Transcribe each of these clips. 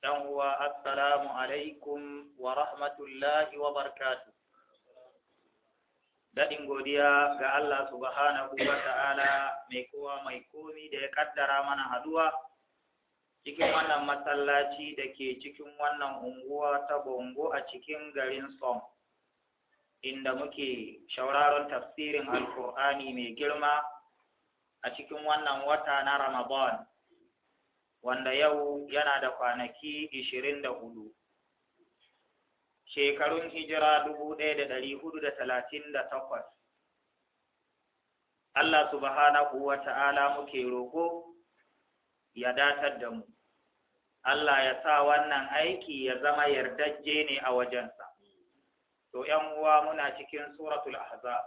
dan uwa assalamu alaikum wa rahmatullahi wa barkatu. daɗin godiya ga Allah subhanahu wa ta'ala mai kowa mai komi da ya kaddara mana haduwa cikin wannan masallaci da ke cikin wannan unguwa ta bongo a cikin garin som inda muke shauraron tafsirin alkur'ani mai girma a cikin wannan wata na ramadan wanda yau yana da kwanaki ishirin da hudu shekarun hijira dubu ɗaya da ɗari hudu da talatin da takwas Allah subhanahu wa ta'ala muke roƙo ya datar da mu Allah ya sa wannan aiki ya zama yardajje ne a wajensa to ‘yan uwa muna cikin suratul aza.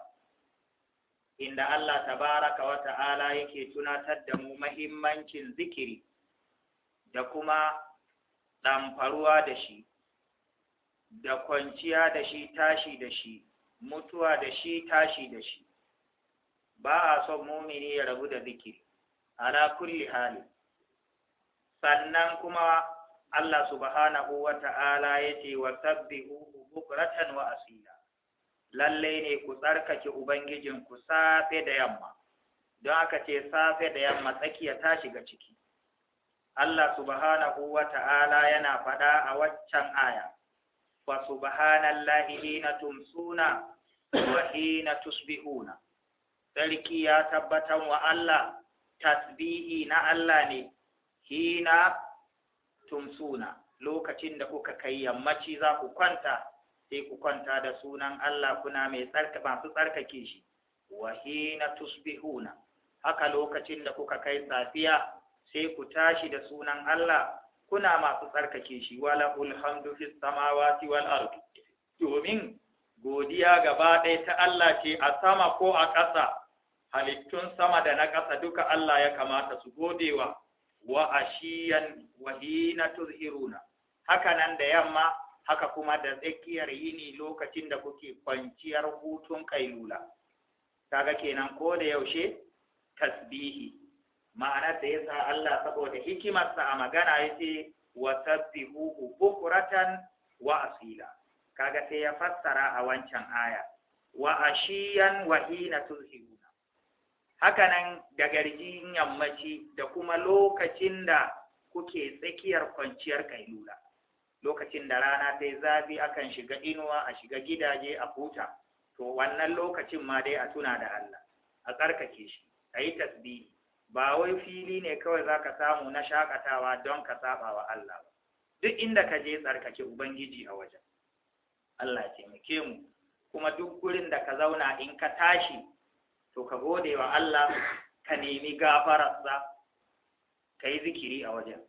inda Allah tabaraka wa ta'ala yake tunatar da mu mahimmancin zikiri da kuma ɗamfaruwa da shi da kwanciya da shi tashi da shi mutuwa da shi tashi da shi ba a son mumini ya rabu da zikiri ala kulli hali sannan kuma Allah subhanahu wa ta'ala ya ce wa sabbihu bukratan wa asila lallai ne ku tsarkake ubangijinku safe da yamma don aka ce safe da yamma tsakiya ta shiga ciki Allah subhanahu wa ta'ala yana faɗa a waccan aya, wa subhanallahi hina tumsuna wa hina tusbihuna. Sarki ya tabbatar wa Allah, tasbihi na Allah ne, hina tumsuna, lokacin da kuka kai yammaci za ku kwanta, sai ku kwanta da sunan Allah kuna mai masu tsarkake shi, wa hina tusbihuna. Haka lokacin da kuka kai safiya, sai ku tashi da sunan Allah kuna masu tsarkake shi wala ulhamdu fis samawati wal ardi domin godiya gaba ɗaya ta Allah ce a sama ko a ƙasa halittun sama da na ƙasa duka Allah ya kamata su godewa wa ashiyan wa hina tuziruna haka nan da yamma haka kuma da tsakiyar yini lokacin da kuke kwanciyar hutun kailula kaga kenan ko da yaushe tasbihi ma'anar da ya sa Allah saboda hikimarsa a magana yace wa sabbihuhu bukratan wa asila kaga sai ya fassara a wancan aya wa ashiyan wa hina tuzhibuna nan da garjin yammaci da kuma lokacin da kuke tsakiyar kwanciyar kailula lokacin da rana ta zafi akan shiga inuwa a shiga gidaje a huta to wannan lokacin ma dai a tuna da Allah a tsarkake shi a yi tasbihi ba wai fili ne kawai za ka samu na shakatawa don ka saba wa Allah ba duk inda ka je tsarkake ubangiji a wajen Allah taimake mu kuma duk wurin da ka zauna in ka tashi to ka gode wa Allah ka nemi gafararsa ka yi zikiri a wajen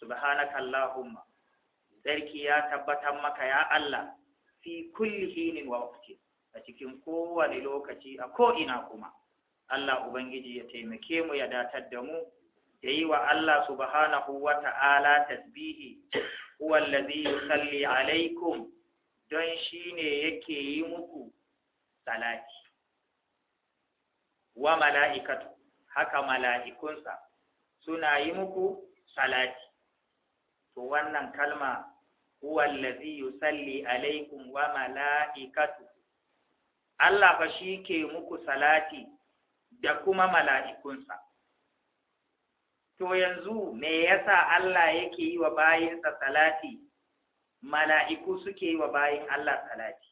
subhanaka allahumma sarki ya tabbatar maka ya Allah fi kulli hinin wa a cikin kowane lokaci a ko ina kuma Allah Ubangiji ya taimake mu ya datar da mu ya yi wa Allah subhanahu wa ta'ala tasbihi huwallazi yusalli alaikum don shi ne yake yi muku salati wa mala'ikatu haka mala'ikunsa suna yi muku salati to wannan kalma huwallazi yusalli alaikum wa mala'ikatu Allah fa shi ke muku salati da kuma mala'ikunsa. To yanzu me yasa Allah yake yi wa bayinsa salati, mala'iku suke yi wa bayin Allah salati,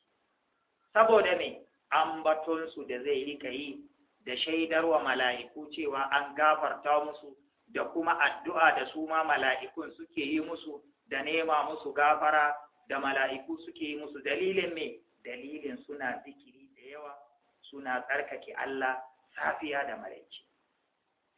saboda me ambatonsu da zai rika yi da shaidar wa mala'iku cewa an gafarta musu da kuma addu'a da su ma mala'ikun suke yi musu da nema musu gafara da mala'iku suke yi musu dalilin me dalilin suna zikiri da yawa suna tsarkake Allah safiya da maraice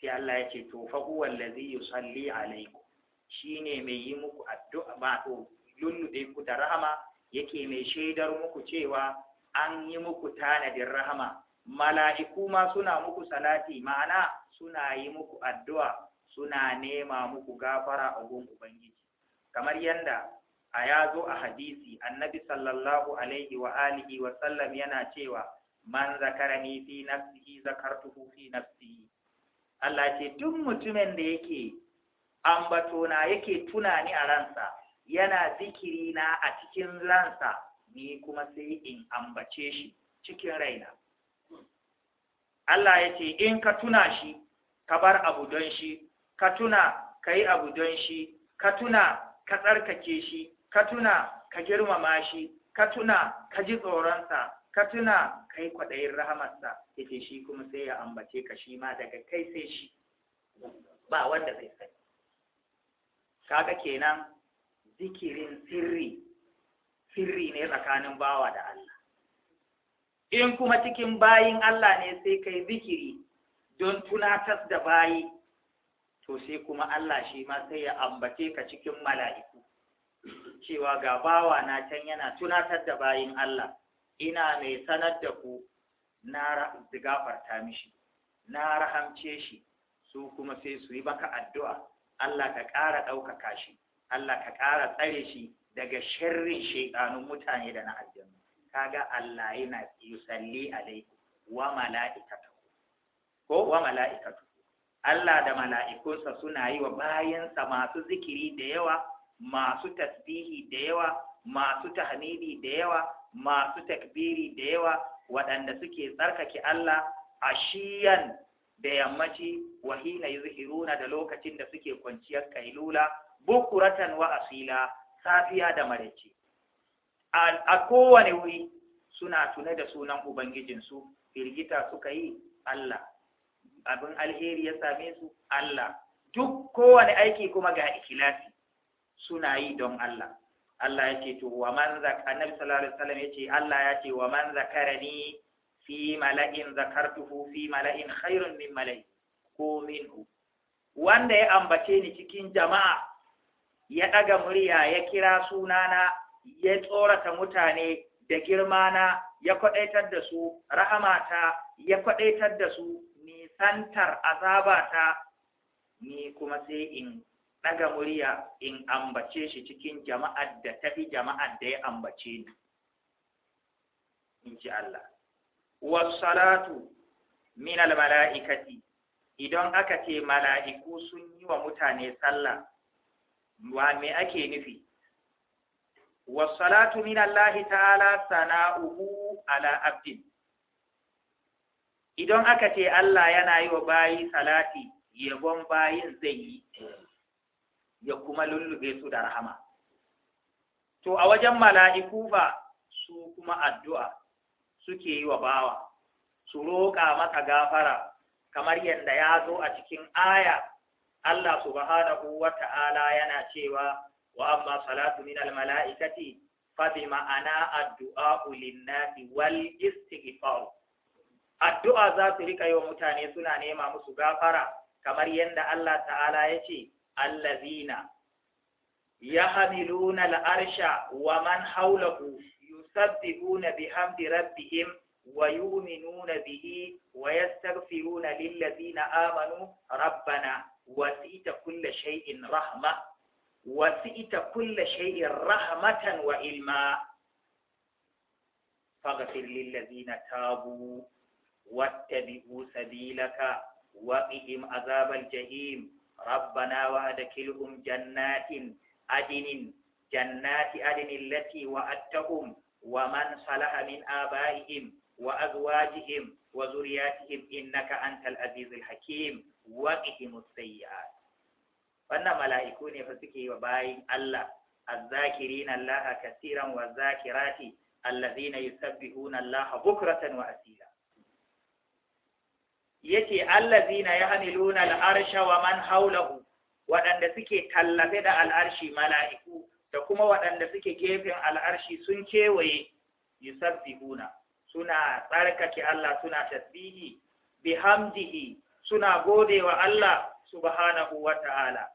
sai Allah ya ce to fa huwa allazi yusalli alaikum shine mai yi muku addu'a ba to lulluɗe ku da rahama yake mai shaidar muku cewa an yi muku tanadin rahama mala'iku ma suna muku salati ma'ana suna yi muku addu'a suna nema muku gafara a gun ubangiji kamar yanda a yazo a hadisi annabi sallallahu alaihi wa alihi wa sallam yana cewa man zakarani fi nafsihi zakartuhu fi nafsihi Allah ce duk mutumin da yake ambatona yake tunani a ransa yana zikiri na a cikin ransa ni kuma sai in ambace shi cikin raina Allah ya ce in ka tuna shi ka bar abu don shi ka tuna ka yi abu don shi ka tuna ka tsarkake shi ka tuna ka girmama shi ka tuna ka ji tsoronsa ka tuna kai kwaɗayin rahamarsa yake shi kuma sai ya ambace ka shi ma daga kai sai shi ba wanda zai sani kaga kenan zikirin sirri sirri ne tsakanin bawa da Allah in kuma cikin bayin Allah ne sai kai zikiri don tunatar da bayi to sai kuma Allah shi ma sai ya ambace ka cikin mala'iku cewa ga bawa na can yana tunatar da bayin Allah ina mai sanar da ku na gafarta mishi na rahamce shi su kuma sai su yi maka addu'a Allah ka ƙara ɗaukaka shi Allah ka ƙara tsare shi daga sharrin shaiɗanun mutane da na aljanna kaga Allah yana yusalli alaihi wa mala'ikatu ko wa mala'ikatu Allah da mala'ikunsa suna yi wa bayansa masu zikiri da yawa masu tasbihi da yawa masu tahmidi da yawa masu takbiri da yawa waɗanda suke tsarkake Allah a shiyan da yammaci wahina yuzhiruna da lokacin da suke kwanciyar kailula bukuratan wa asila safiya da maraice a kowane wuri suna tune da sunan ubangijinsu firgita suka yi Allah abin alheri ya same su Allah duk kowane aiki kuma ga ikilasi suna yi don Allah Allah ya ce to wa man zaka annabi sallallahu alaihi wasallam ya ce Allah ya ce wa man zakarani fi mala'in zakartuhu fi mala'in khairun min mala'i ko minhu wanda ya ambace ni cikin jama'a ya daga murya ya kira sunana ya tsorata mutane da girma na, ya kwadaitar da su rahamata ya kwadaitar da su nisantar azabata ni kuma sai in ɗaga murya in ambace shi cikin jama'ar da ta fi jama'ar da ya ambace ni in ji Allah wasalatu min mala'ikati idan aka ce mala'iku sun yi wa mutane sallah wa me ake nufi wasalatu min Allah ta'ala sana'uhu ala abdin idan aka ce Allah yana yi wa bayi salati yabon bayin zai yi ya kuma lullube su da rahama to a wajen mala'iku ba su kuma addu'a suke yi wa bawa su roƙa masa gafara kamar yadda ya zo a cikin aya Allah subhanahu wa ta'ala yana cewa wa amma salatu min malaikati ma'ana addu'a lin wal istighfar addu'a za su rika yi wa mutane suna nema musu gafara kamar yadda Allah ta'ala ya ce الذين يحملون العرش ومن حوله يسبحون بحمد ربهم ويؤمنون به ويستغفرون للذين آمنوا ربنا وسئت كل شيء رحمة وسئت كل شيء رحمة وإلما فاغفر للذين تابوا واتبعوا سبيلك وقهم عذاب الجحيم ربنا وأدخلهم جنات عدن جنات عدن التي وعدتهم ومن صلح من آبائهم وأزواجهم وذرياتهم إنك أنت العزيز الحكيم وقهم السيئات wannan mala'iku ne fa suke wa bayin Allah azzakirina Allah kasiran wa zakirati allazina yusabbihuna Allah bukratan wa asila yace allazina yahmiluna al'arsha wa man haulahu waɗanda suke tallafe da al'arshi mala'iku da kuma waɗanda suke gefen al'arshi sun kewaye yusabbihuna suna tsarkake Allah suna tasbihi bihamdihi suna gode wa Allah subhanahu wa ta'ala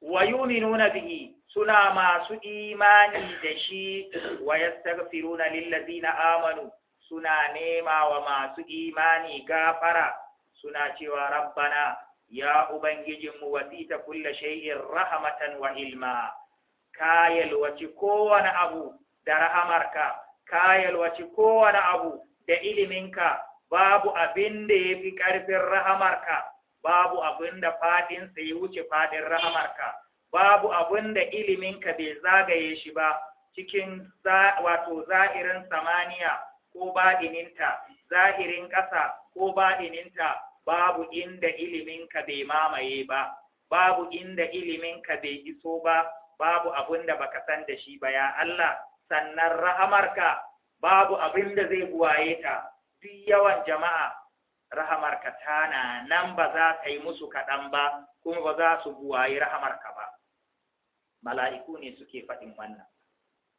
wa yuminuna bihi suna masu imani da shi wa yastaghfiruna lillazina amanu suna nema wa masu imani gafara suna cewa rabbana ya ubangijinmu wasita kulla shay'in rahmatan wa ilma kayal yalwaci kowane abu da rahamarka Kayalwaci yalwaci kowane abu da iliminka babu abin da yafi ƙarfin rahamarka babu abin da fadin ya wuce faɗin rahamarka babu abun da iliminka bai zagaye shi ba cikin wato zahirin samaniya ko baɗininta zahirin ƙasa ko baɗininta babu inda iliminka bai mamaye ba babu inda iliminka bai iso ba babu abun da baka san da shi ba ya Allah sannan rahamarka babu abin da zai buwaye ta duk yawan jama'a rahamarka tana nan ba za ka yi musu kaɗan ba kuma ba za su buwayi rahamarka ba mala'iku ne suke faɗin wannan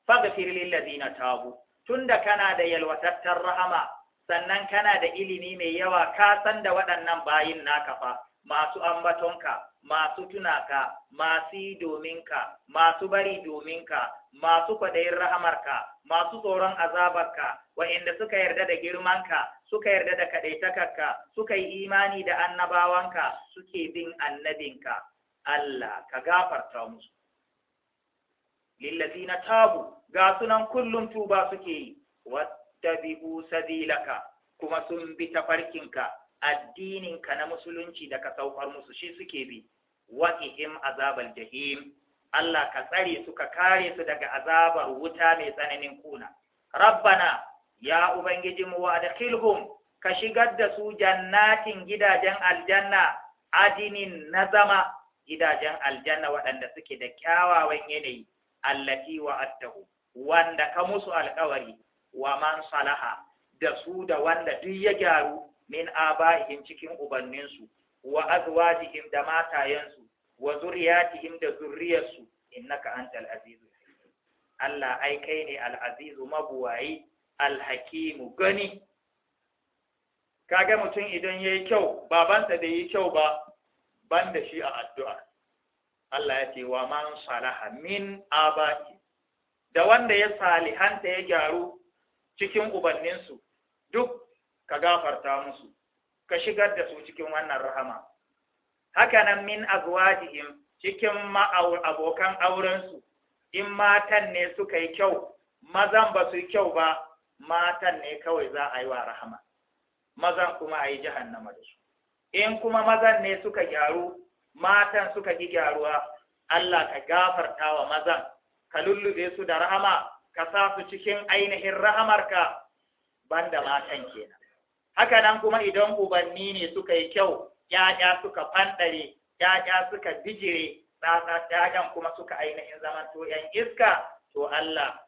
faghfir lil ladina tabu tunda kana da yalwatattar rahama sannan kana da ilimi mai yawa ka san da waɗannan bayin naka fa masu ambatonka masu tunaka masu yi dominka masu bari dominka masu kwaɗayin rahamarka masu tsoron azabarka wa'inda suka yarda da girmanka suka yarda da kaɗaitakarka suka yi imani da annabawanka suke bin annabinka Allah ka gafarta musu na tabu ga sunan kullum tuba suke yi wattabi'u sabilaka kuma sun bi tafarkinka addininka na musulunci da ka saukar musu shi suke bi waqihim azabal jahim Allah ka tsare su ka kare su daga azabar wuta mai tsananin kuna rabbana ya ubangijinmu wa adkhilhum ka shigar da su jannatin gidajen aljanna adinin na zama gidajen aljanna waɗanda suke da kyawawan yanayi allati wa'adtahu wanda ka musu alƙawari wa man salaha da su da wanda duk ya gyaru min aba'ihim cikin ubanninsu wa azwajihim da matayensu wa zuriyatihim da zurriyarsu innaka antal azizul hakim Allah ai kai ne al azizu mabuwayi al hakimu gani kaga mutum idan yayi kyau babansa bai yi kyau ba banda shi a addu'a Allah ya ce wa man salaha min abaki da wanda ya salihanta ya gyaru cikin ubanninsu duk ka gafarta musu ka shigar da su cikin wannan rahama hakanan min azwajihim cikin abokan aurensu in matan ne suka yi kyau mazan ba su kyau ba matan ne kawai za a yi wa rahama mazan kuma a jahannama da su in kuma mazan ne suka gyaru matan suka ki gyaruwa Allah ka gafarta wa mazan ka lullube su da rahama ka sa su cikin ainihin rahamarka banda matan kenan haka nan kuma idan ubanni ne suka yi kyau yaya suka fanɗare yaya suka bijire tsatsa ƴaƴan kuma suka ainihin zaman to ƴan iska to Allah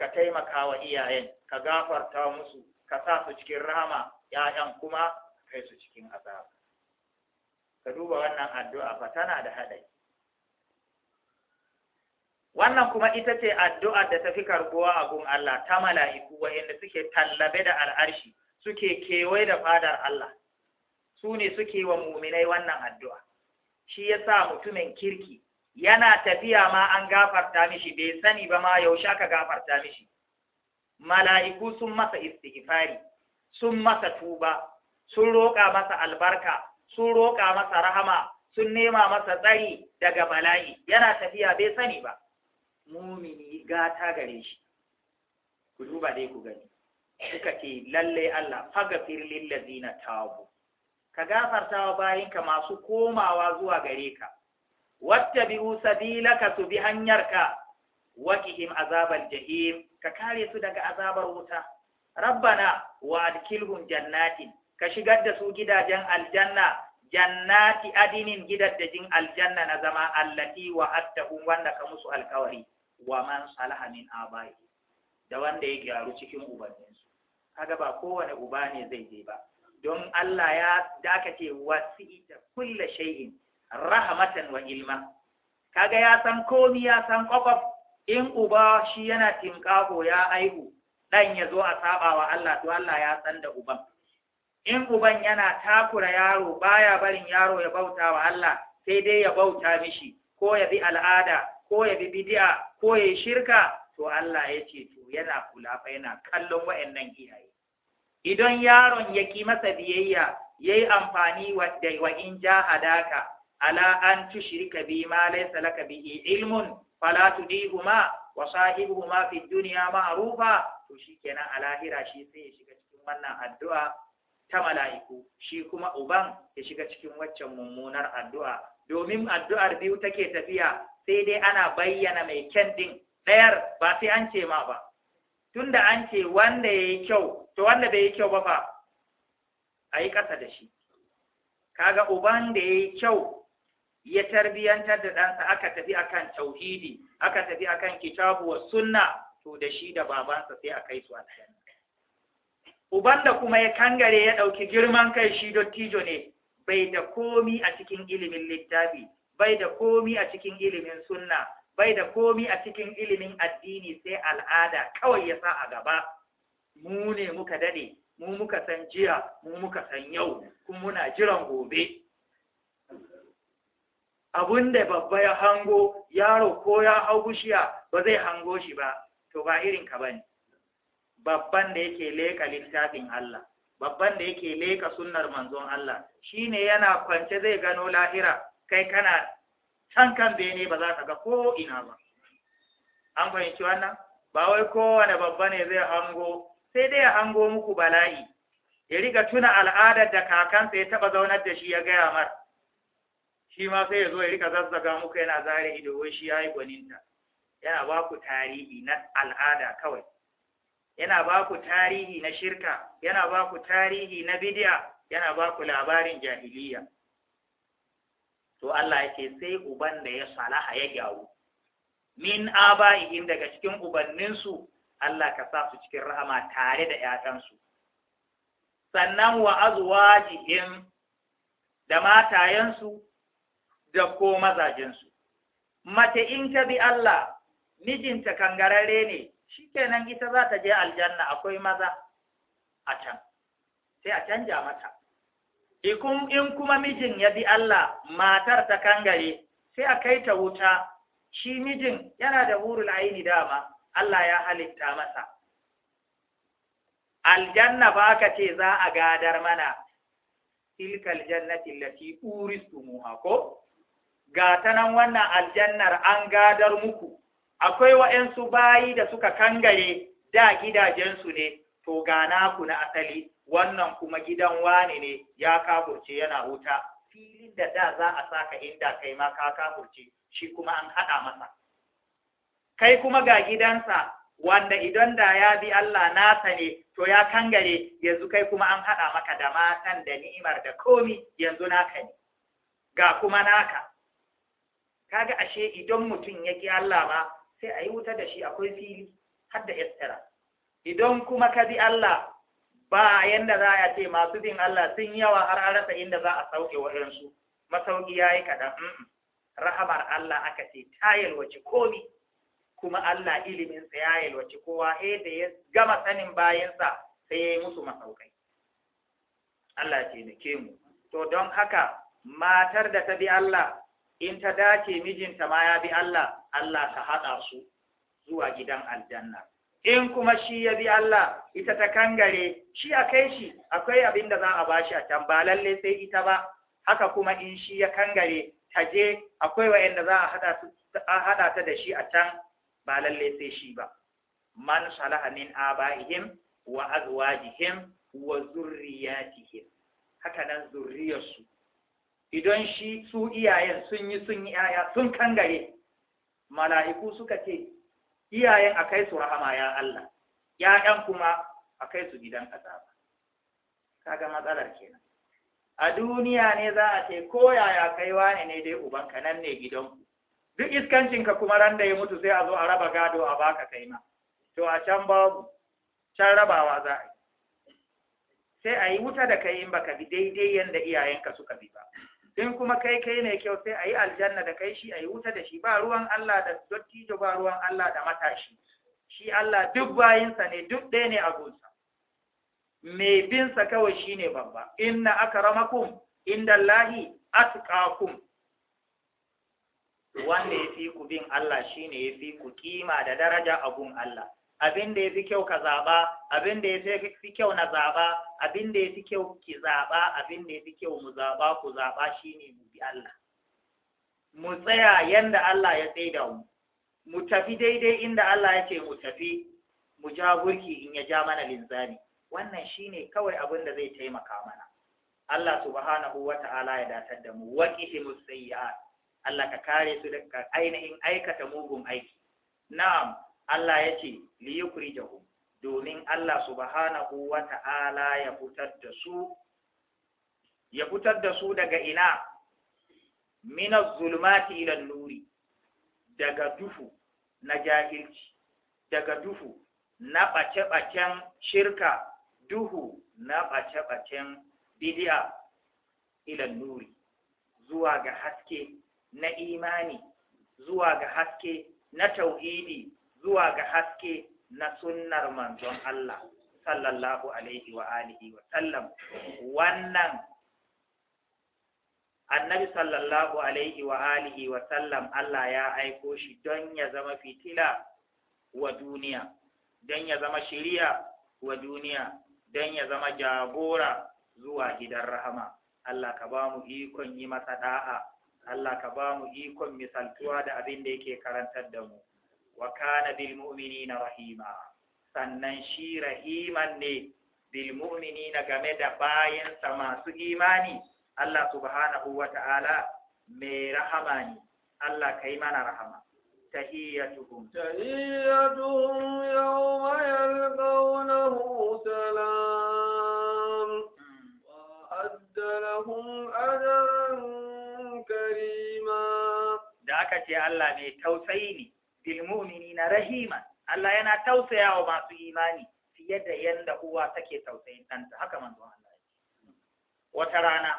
ka taimaka wa iyayen ka gafarta musu ka sa su cikin rahama yayan kuma kai su cikin azaba ka duba wannan addu'a fa tana da haɗari wannan kuma ita ce addu'ar da tafi karbuwa a gun Allah ta mala'iku wa'inda suke tallabe da al'arshi suke kewaye da fadar Allah su ne suke wa muminai wannan addu'a shi ya sa mutumin kirki yana tafiya ma an gafarta mishi bai sani ba ma yaushe aka gafarta mishi mala'iku sun masa istighfari sun masa tuba sun roƙa masa albarka sun roƙa masa rahama sun nema masa tsari daga bala'i yana tafiya bai sani ba mumini gata gare shi ku duba dai ku gani suka ce lallai Allah fagafir na tabu ka gafarta wa bayinka masu komawa zuwa gare ka Wacce Sabila ka su bi hanyar hanyarka waqihim azabar jahim ka kare su daga azabar wuta rabbana wa adkilhum jannatin ka shigar da su gidajen aljanna jannati adinin gidajen aljanna na zama allati wa attahum wanda ka musu alkawari wa man salaha min abai da wanda ya gyaru cikin ubanninsu kaga ba kowane uba ne zai je ba don Allah ya dakace wasi'ita kulle shay'in rahmatan wa ilma kaga ya san komi ya san kwakwaf in uba shi yana tinkaho ya aihu dan ya zo a saba wa Allah to Allah ya san da uban in uban yana takura yaro baya barin yaro ya bauta wa Allah sai dai ya bauta mishi ko ya bi al'ada ko ya bi bid'a ko ya shirka to Allah ya ce to yana kula fa yana kallon wa'annan iyaye idan yaron ya ki masa biyayya yayi amfani wa wa in jahadaka ala an tushrika bi ma laysa laka bihi ilmun fala tudihuma wa sahibuhuma fi dunya ma'rufa to shikenan a lahira shi sai ya shiga cikin wannan addu'a ta mala'iku shi kuma uban ya shiga cikin waccan mummunar addu'a domin addu'ar biyu take tafiya sai dai ana bayyana mai kyan din ɗayar ba sai an ce ma ba tunda an ce wanda ya yi kyau to wanda bai yi kyau ba fa a yi ƙasa da shi kaga uban da ya yi kyau ya tarbiyantar da ɗansa aka tafi akan tauhidi aka tafi akan kitabu wa sunna to da shi da babansa sai a kai su aljanna uban da kuma ya kangare ya ɗauki girman kai shi dottijo ne bai da komi a cikin ilimin littafi bai da komi a cikin ilimin sunna bai da komi a cikin ilimin addini sai al'ada kawai ya sa a gaba mu ne muka dade mu muka san jiya mu muka san yau kuma muna jiran gobe abun da babba ya hango yaro ko ya hau bushiya ba zai hango shi ba to ba irin ka bane babban da yake leka littafin Allah babban da yake leka sunnar manzon Allah shine yana kwance zai gano lahira kai kana can kan bene ba za ka ga ko ina ba an fahimci wannan ba wai kowane babba ne zai hango sai dai ya hango muku bala'i ya riga tuna al'adar da kakansa ya taba zaunar da shi ya gaya mar shi ma sai ya zo ya rika zazzaga muku yana zare ido wai shi yayi yi gwaninta yana ba ku tarihi na al'ada kawai yana ba ku tarihi na shirka yana ba ku tarihi na bidiya yana ba ku labarin jahiliya to Allah yake sai uban da ya salaha ya gyaru min aba'ihim daga cikin ubanninsu Allah ka sa su cikin rahama tare da ‘ya'yansu. Sannan wa azwajihim da matayensu da ko mazajensu. Mace in ka bi Allah, mijinta kangarare ne, shi shikenan ita za ta je aljanna akwai maza a can sai a canja mata eh, in kuma mijin ya bi Allah matar ta kangare sai a kai ta wuta shi mijin yana da hurul aini dama Allah ya halitta masa aljanna ba ka ce za a gadar mana tilkal jannati lati uristumuha ko ga ta wannan aljannar an gadar muku akwai waɗansu bayi da suka kangare da gidajensu ne to gana ku na asali wannan kuma gidan wane ne ya kafurce yana wuta filin da da za a saka inda kai ma ka kafurce shi kuma an haɗa masa kai kuma ga gidansa wanda idan da ya bi Allah nasa ne to ya kangare yanzu kai kuma an haɗa maka da matan da ni'imar da komi yanzu naka ne ga kuma naka kaga ashe idan mutum ya ki Allah ba sai a yi wuta da shi akwai fili har da istira idan kuma ka bi Allah ba yanda za a ce masu bin Allah sun yawa har an rasa inda za a sauke wa irinsu masauki ya yi kaɗan rahamar Allah aka ce ta wace komi kuma Allah ilimin sa ya wace kowa he da ya gama sanin bayansa sai ya yi musu masaukai Allah ce ke mu to don haka matar da ta bi Allah in ta dace mijinta ma ya bi Allah Allah ta haɗa su zuwa gidan aljanna in kuma shi ya bi Allah ita ta kangare shi a kai shi akwai abin da za a bashi a can ba lalle sai ita ba haka kuma in shi ya kangare ta je akwai wa'anda za a haɗa ta da shi a can ba lalle sai shi ba man salaha min abaihim wa azwajihim wa zurriyatihim haka nan zurriyarsu idan shi su iyayen sun yi sun yi 'ya'ya sun kangare mala'iku suka ce iyayen a kai su rahama ya Allah ‘ya'yan kuma a su gidan azaba kaga matsalar kenan a duniya ne za a ce ko yaya kai wane ne dai ubanka nan ne gidanku duk iskancinka kuma ran da ya mutu sai a zo a raba gado a baka kai ma to a can babu can rabawa za a yi sai a yi wuta da kai in baka bi daidai yadda iyayenka suka bi ba in kuma kai kai ne kyau sai a yi aljanna da kai shi a yi wuta da shi ba ruwan Allah da dottijo ba ruwan Allah da matashi shi Allah duk bayinsa ne duk ɗaya ne a gunsa mai binsa kawai shi ne babba inna akramakum inda Allahi atqakum wanda ya fi ku bin Allah shi ne ya fi ku kima da daraja a gun Allah abin da ya fi kyau ka zaɓa abin da ya fi kyau na zaɓa abin da ya fi kyau ki zaɓa abin da ya fi kyau mu zaɓa ku zaɓa shine mu bi Allah mu tsaya yanda Allah ya da mu mu tafi daidai inda Allah ya ce mu tafi mu ja gurki in ya ja mana linzani wannan shine kawai abin da zai taimaka mana Allah subhanahu wa ta'ala ya datar da mu waqihimus sayyi'at Allah ka kare su daga ainihin aikata mugun aiki na'am Allah ya ce liyukuri jahu, domin Allah subhanahu wa ta'ala ya fitar da su ya fitar da su daga ina mina zulmati ilan nuri daga duhu na jahilci daga duhu na ɓace-ɓacen shirka duhu na ɓace-ɓacen bidiya ilan nuri zuwa ga haske na imani zuwa ga haske na tauhidi zuwa ga haske na sunnar manzon Allah sallallahu alaihi wa alihi wa sallam wannan annabi sallallahu alaihi wa alihi wa sallam Allah ya aiko shi don ya zama fitila wa duniya don ya zama shiriya wa duniya don ya zama jagora zuwa gidan rahama Allah ka ba mu ikon yi masa da'a Allah ka ba mu ikon misaltuwa da abin da yake karantar da mu wa kana bil mu'minina rahima sannan shi rahiman ne bil mu'minina game da bayansa masu imani Allah subhanahu wa ta'ala mai rahama ne Allah kai mana rahama تحيتهم تحيتهم يوم يلقونه سلام وأعد لهم أجرا كريما دعك Allah mai tausayi ne. bil na rahima Allah yana tausaya wa masu imani fiye da yadda uwa take tausayin ɗanta haka manzo Allah wata rana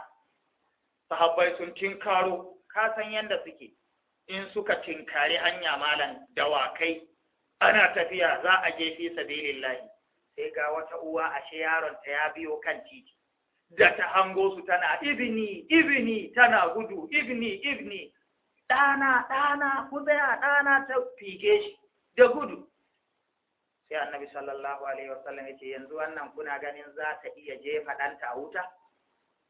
sahabbai sun tinkaro ka san yanda suke in suka tinkari hanya malan dawakai ana tafiya za a je fi sabilillahi sai ga wata uwa ashe yaron ta ya biyo kan titi da ta hango su tana ibni ibni tana gudu ibni ibni ɗana ɗana ku tsaya ɗana ta fike shi da gudu sai annabi sallallahu alaihi wasallam ya ce yanzu wannan kuna ganin za ta iya jefa ɗanta a wuta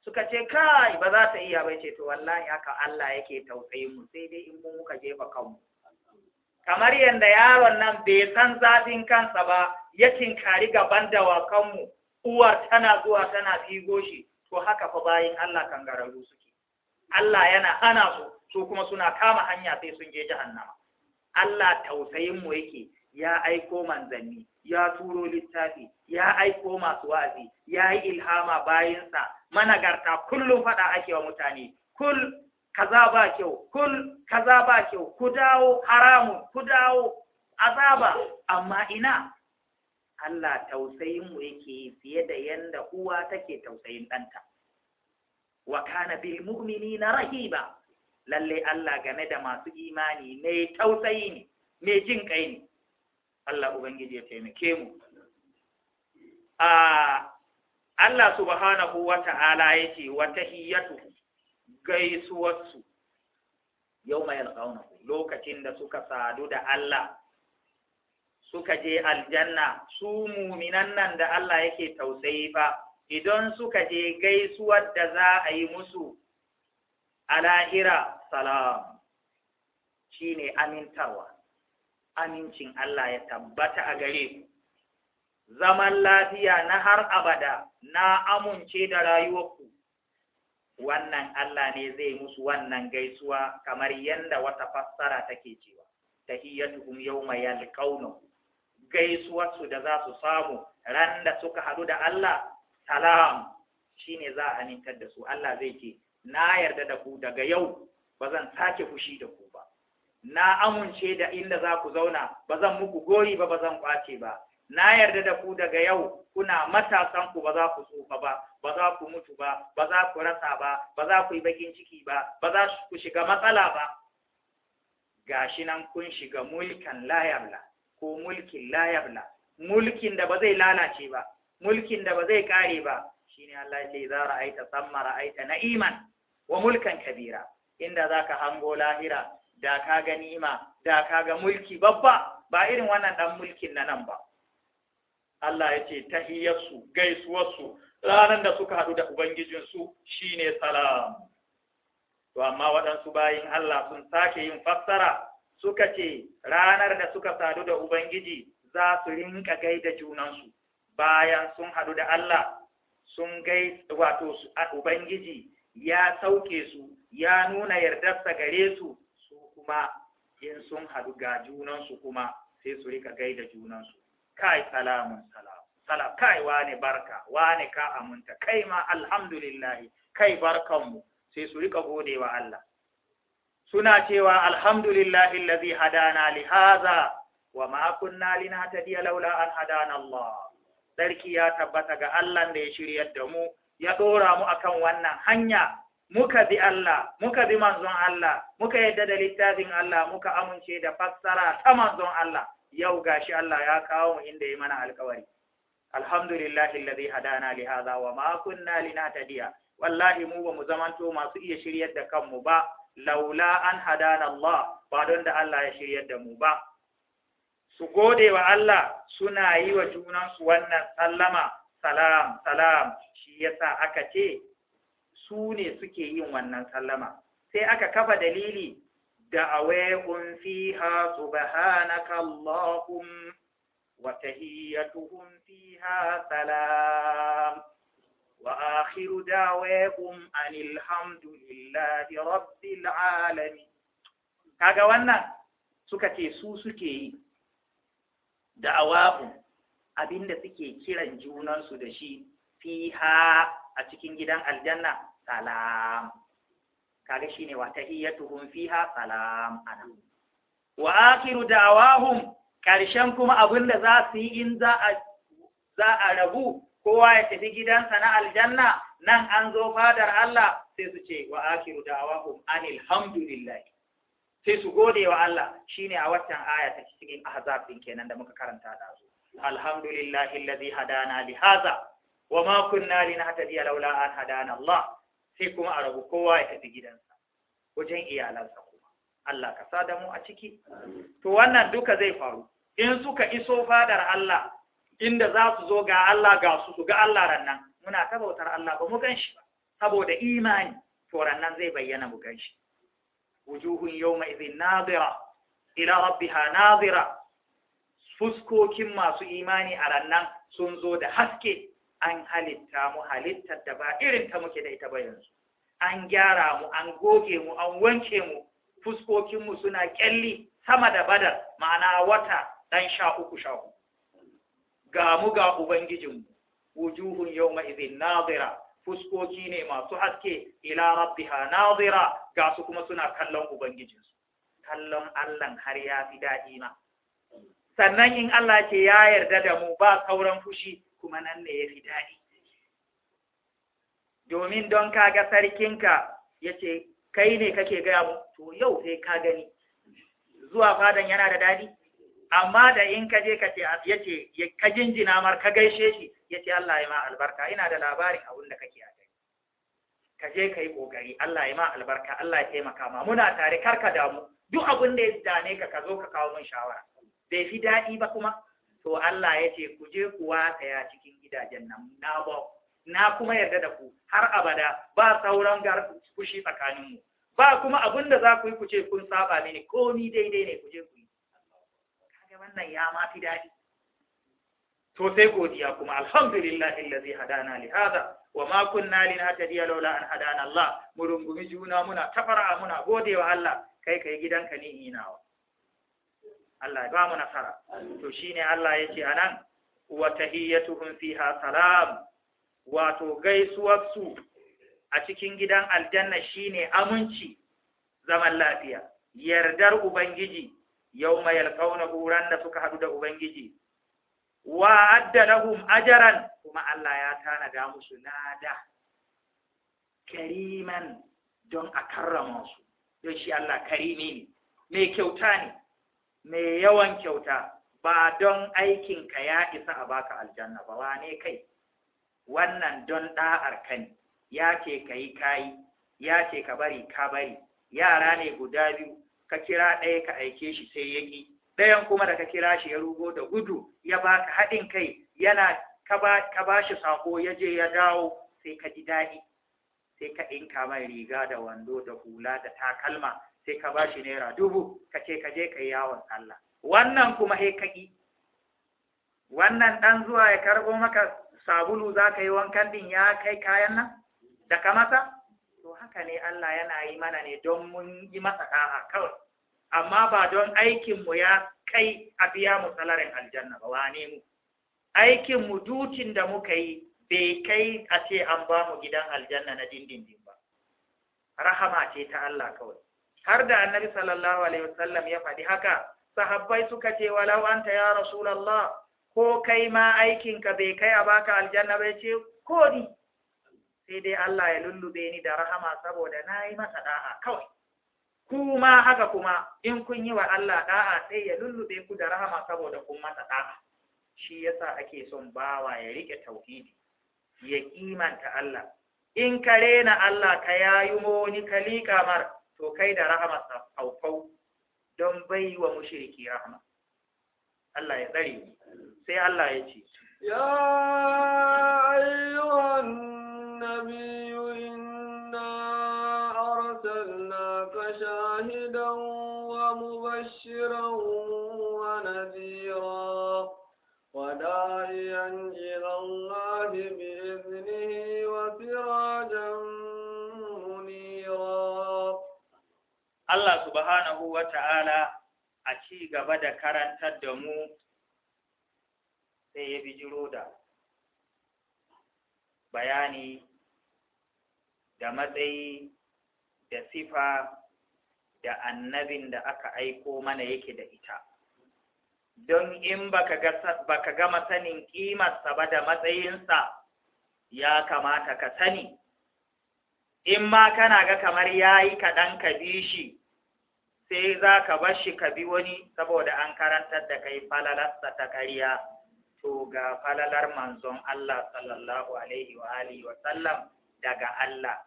suka ce kai ba za ta iya ba ce to wallahi haka Allah yake tausayin mu sai dai in mu muka jefa kanmu kamar yadda yaron nan bai san zafin kansa ba ya kinkari gaban da kanmu, uwar tana zuwa tana figo shi to haka fa bayan Allah kan gararu suke Allah yana hana su su kuma suna kama hanya sai sun je jahannama Allah tausayin mu yake ya aiko manzanni ya turo littafi ya aiko masu wa'azi ya yi ilhama bayinsa managarta kullum faɗa ake wa mutane kul kaza ba kyau kul kaza ba kyau ku dawo haramun ku dawo azaba amma ina Allah tausayin mu yake fiye da yanda uwa take tausayin ɗanta wa kana bil mu'minina rahiba lalle Allah game da masu imani mai tausayi ne mai jin kai ne Allah ubangiji ya taimake mu a Allah subhanahu wa ta'ala ce, wa tahiyatu gaisuwarsu yawma yalqawnahu lokacin da suka sadu da Allah suka je aljanna su muminan nan da Allah yake tausayi ba. idan suka je gaisuwar da za a yi musu a lahira salam shi ne amintarwa amincin Allah ya tabbata a gare ku zaman lafiya na har abada na amince da rayuwarku wannan Allah ne zai musu wannan gaisuwa kamar yadda wata fassara take cewa tahiyyatuhum yawma yalqawnahu gaisuwarsu da za su samu ran da suka haɗu da Allah salam shine za a amintar da su Allah zai ce na yarda da ku daga yau ba sake fushi da ku ba na amince da inda za ku zauna bazan muku gori ba bazan kwace ba na yarda da ku daga yau kuna matasan ku ba za ku tsufa ba ba za ku mutu ba ba za ku rasa ba ba za ku yi bakin ciki ba ba za ku shiga matsala ba gashi nan kun shiga mulkan layabla ko mulkin layabla mulkin da ba zai lalace ba mulkin da ba zai kare ba shi shine Allah ce za ra'aita samma ra'aita na'iman wa mulkan kabira inda za ka hango lahira da ka ga nima da ka ga mulki babba ba irin wannan dan mulkin na nan ba Allah ya ce tahiyyarsu gaisuwarsu ranar da suka haɗu da ubangijinsu shine salam to amma waɗansu bayin Allah sun sake yin fassara suka ce ranar da suka sadu da ubangiji za su rinka gaida junansu bayan sun haɗu da Allah sun gai wato ubangiji ya sauke su ya nuna yardarsa gare su su kuma in sun haɗu ga junansu kuma sai su rika gaida junansu kai salamun salam salam kai wane barka wane ka aminta, kai ma alhamdulillahi kai barkanmu sai su rika gode wa Allah suna cewa alhamdulillahi allazi hadana na lihaza wa ma kunna linahtadiya laula an hadana Allah Sarki ya tabbata ga Allah da ya shiryar da mu ya ɗora mu akan wannan hanya muka bi Allah muka bi manzon Allah muka yadda da littafin Allah muka amince da fassara ta manzon Allah yau gashi Allah ya kawo mu inda ya mana alkawari alhamdulillahi alladhi hadana li hadha wa ma kunna linahtadiya wallahi mu ba mu zamanto masu iya shiryar da kanmu ba laula an hadana Allah ba don da Allah ya shiryar da mu ba su gode wa Allah suna yi wa junansu wannan sallama salam salam shi yasa aka ce su ne suke yin wannan sallama sai aka kafa dalili da awehun fiha subhanaka allahum wa tahiyyatuhum fiha salam wa akhiru da'wahum anil hamdulillahi rabbil alamin kaga wannan suka ce su suke yi da awa'u abinda suke kiran junansu da shi fiha a cikin gidan aljanna salam kaga shine wa tahiyyatuhum fiha salam ana wa akhiru da'wahum karshen kuma abinda za su yi in za a za a rabu kowa ya tafi gidansa na aljanna nan an zo fadar Allah sai su ce wa akhiru da'wahum anil hamdulillah sai su gode wa Allah shine a watan aya ta cikin ahzab din kenan da muka karanta da su alhamdulillahi alladhi hadana li hadha wa na kunna linahtadiya laula an hadana Allah sai kuma a rabu kowa ya tafi gidansa wajen iyalansa kuma Allah ka sada mu a ciki to wannan duka zai faru in suka iso fadar Allah inda za su zo ga Allah ga su su ga Allah rannan muna ta bautar Allah ba mu gan shi ba saboda imani to rannan zai bayyana mu gan shi wujuhun yawma idhin nadira ila rabbiha nadira fuskokin masu imani a rannan sun zo da haske an halitta mu halittar da ba irin ta muke da ita ba yanzu an gyara mu an goge mu an wanke mu fuskokin mu suna kyalli sama da badar ma'ana wata dan sha uku sha uku ga mu ga ubangijinmu wujuhun yawma idhin nadira fuskoki ne masu haske ila rabbiha nazira ga su kuma suna kallon ubangijinsu kallon Allah har ya fi daɗi ma sannan in Allah ke ya yarda da mu ba sauran fushi kuma nan ne ya fi daɗi domin don kaga sarkinka ya ce kai ne kake gaya mu to yau sai ka gani zuwa fadan yana da daɗi amma da in ka je ka ce ya ce ka jinjina mar ka gaishe shi ya ce Allah ya ma albarka ina da labarin abin da kake a ka je kai kokari Allah ya ma albarka Allah ya taimaka ma muna tare kar ka damu duk abin da ya dane ka ka zo ka kawo min shawara bai fi daɗi ba kuma to Allah ya ce ku je ku wataya cikin gidajen nan na ba na kuma yarda da ku har abada ba sauran gar fushi tsakanin mu ba kuma abin da za ku yi ku ce kun saba mini ko ni daidai ne ku je ku yi kaga wannan ya ma fi daɗi to sai godiya kuma alhamdulillah allazi hadana li hada wa ma kunna linahtadiya laula an hadana Allah mu rungumi juna muna tafara muna godewa Allah kai kai gidanka ni inawa Allah ya ba mu nasara to shine Allah yace anan wa tahiyyatuhum fiha salam wato gaisuwar su a cikin gidan aljanna shine aminci zaman lafiya yardar ubangiji yawma yalqawna ran da suka hadu da ubangiji wa adda lahum ajaran! kuma Allah ya tanada musu nada kariman don a karrama su don shi Allah karimi ne mai kyauta ne mai yawan kyauta ba don aikinka ya isa a baka aljanna ba wane kai wannan don da'ar ka ne ya ce ka yi kayi ya ce ka bari ka bari yara ne guda biyu ka kira ɗaya ka aike shi sai yaki ɗayan kuma da ka kira shi ya rugo da gudu ya baka haɗin kai yana ka ba shi sako ya je ya dawo sai ka ji daɗi sai ka ɗinka mai riga da wando da hula da takalma sai ka ba shi naira dubu ka ce ka je ka yi yawon Allah wannan kuma he kaƙi wannan ɗan zuwa ya karɓo maka sabulu za ka yi wankan ɗin ya kai kayan nan da ka masa to haka ne Allah yana yi mana ne don mun yi masa ɗaha kawai amma ba don aikinmu ya kai a biya mu salarin aljanna ba wane mu aikinmu dutin da muka yi bai kai a ce an ba mu gidan aljanna na dindindin ba rahama ce ta Allah kawai har da annabi sallallahu alaihi wasallam ya faɗi haka sahabbai suka ce walau anta ya rasulullah ko kai ma aikin ka bai kai a baka aljanna bai ce ko sai dai Allah ya lullube ni da rahama saboda na yi masa da'a kawai kuma haka kuma in kun yi wa Allah da'a sai ya lullube ku da rahama saboda kun masa da'a shi yasa ake son bawa ya rike tauhidi ya kimanta Allah in ka rena Allah ka yayi moni ka lika mar to kai da rahama sa faufau don bai wa mushriki rahama Allah ya tsare ni sai Allah ya ce ya ayyuhan nabiyyu inna مبشرا ونذيرا وداعيا إلى الله بإذنه وسراجا منيرا الله سبحانه وتعالى a بدا كران تدمو سيه بجرودا بياني sai ya da matsayi da sifa da annabin da aka aiko mana yake da ita don in baka gama sanin ƙimarsa ba da matsayinsa ya kamata ka sani in ma kana ga kamar ya yi kaɗan ka bi shi sai za ka bar shi ka bi wani saboda an karantar da kai falalarsa ta ƙarya to ga falalar manzon Allah sallallahu alaihi wa alihi sallam daga Allah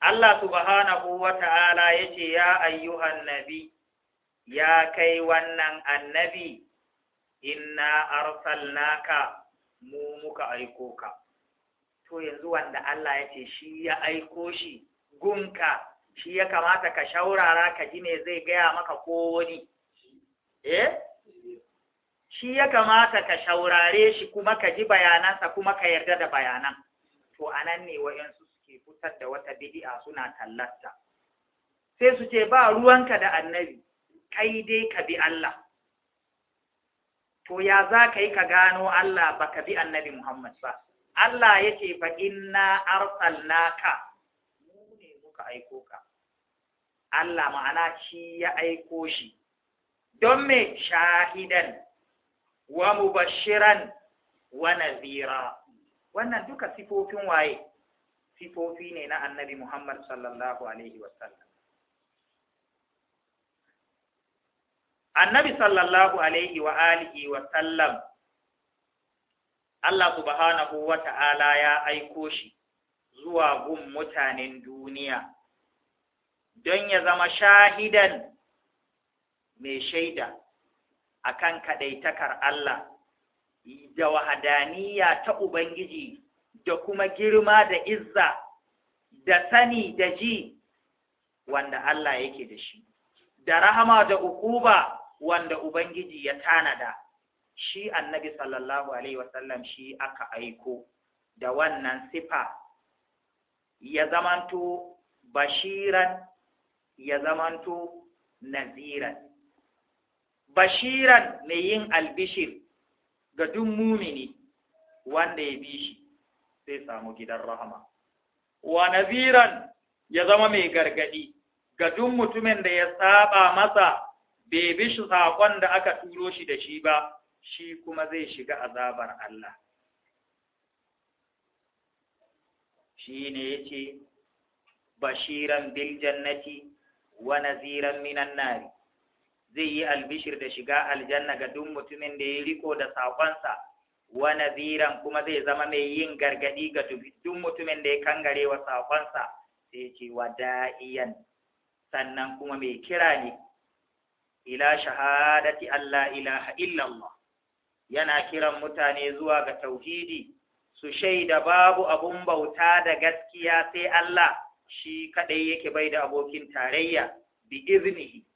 Allah subhanahu wa ta'ala ya ce, Ya ayyuhan nabi, ya kai wannan annabi, inna arsalnaka mu muka aiko ka. To yanzu wanda Allah ya ce shi ya aiko shi gunka, shi ya kamata ka shaurara ka ji ne zai gaya maka ko wani. Eh? Shi ya kamata ka shaurare shi kuma ka ji bayanansa kuma ka yarda da bayanan. To anan ne wa'yansu fitar da wata bid'a suna tallasta sai su ce ba ruwanka da annabi kai dai ka bi Allah to ya za ka yi ka gano Allah ba ka bi annabi Muhammad ba Allah ya ce fa inna arsalnaka mu ne muka aiko ka Allah ma'ana shi ya aiko shi don me shahidan wa mubashiran wa nadhira wannan duka sifofin waye sifofi ne na annabi Muhammad sallallahu Alaihi wasallam. Annabi sallallahu Alaihi wa alihi wasallam, Allah subhanahu wa ta'ala ya aiko shi zuwa gun mutanen duniya don ya zama shahidan mai shaida akan kaɗaitakar Allah da wahadaniya ta Ubangiji da kuma girma da izza da sani da ji wanda Allah yake da shi da rahama da ukuba wanda Ubangiji ya tanada shi annabi sallallahu alaihi wasallam shi aka aiko da wannan sifa ya zamanto bashiran ya zamanto naziran bashiran mai yin albishir ga duk mumini wanda ya bi shi sai samu gidan rahama wa naziran ya zama mai gargadi ga duk mutumin da ya saba masa bai bi shi sakon da aka turo shi da shi ba shi kuma zai shiga azabar Allah shi ne ya ce bashiran bil jannati wa naziran minan nari zai yi albishir da shiga aljanna ga duk mutumin da ya riko da saƙonsa. wa kuma zai zama mai yin gargadi ga dubbin mutumin da ya kangare wa sakonsa sai ce wa da'iyan sannan kuma mai kira ne ila shahadati Allah ilaha illallah yana kiran mutane zuwa ga tauhidi su shaida babu abun bauta da gaskiya sai Allah shi kadai yake bai da abokin tarayya bi iznihi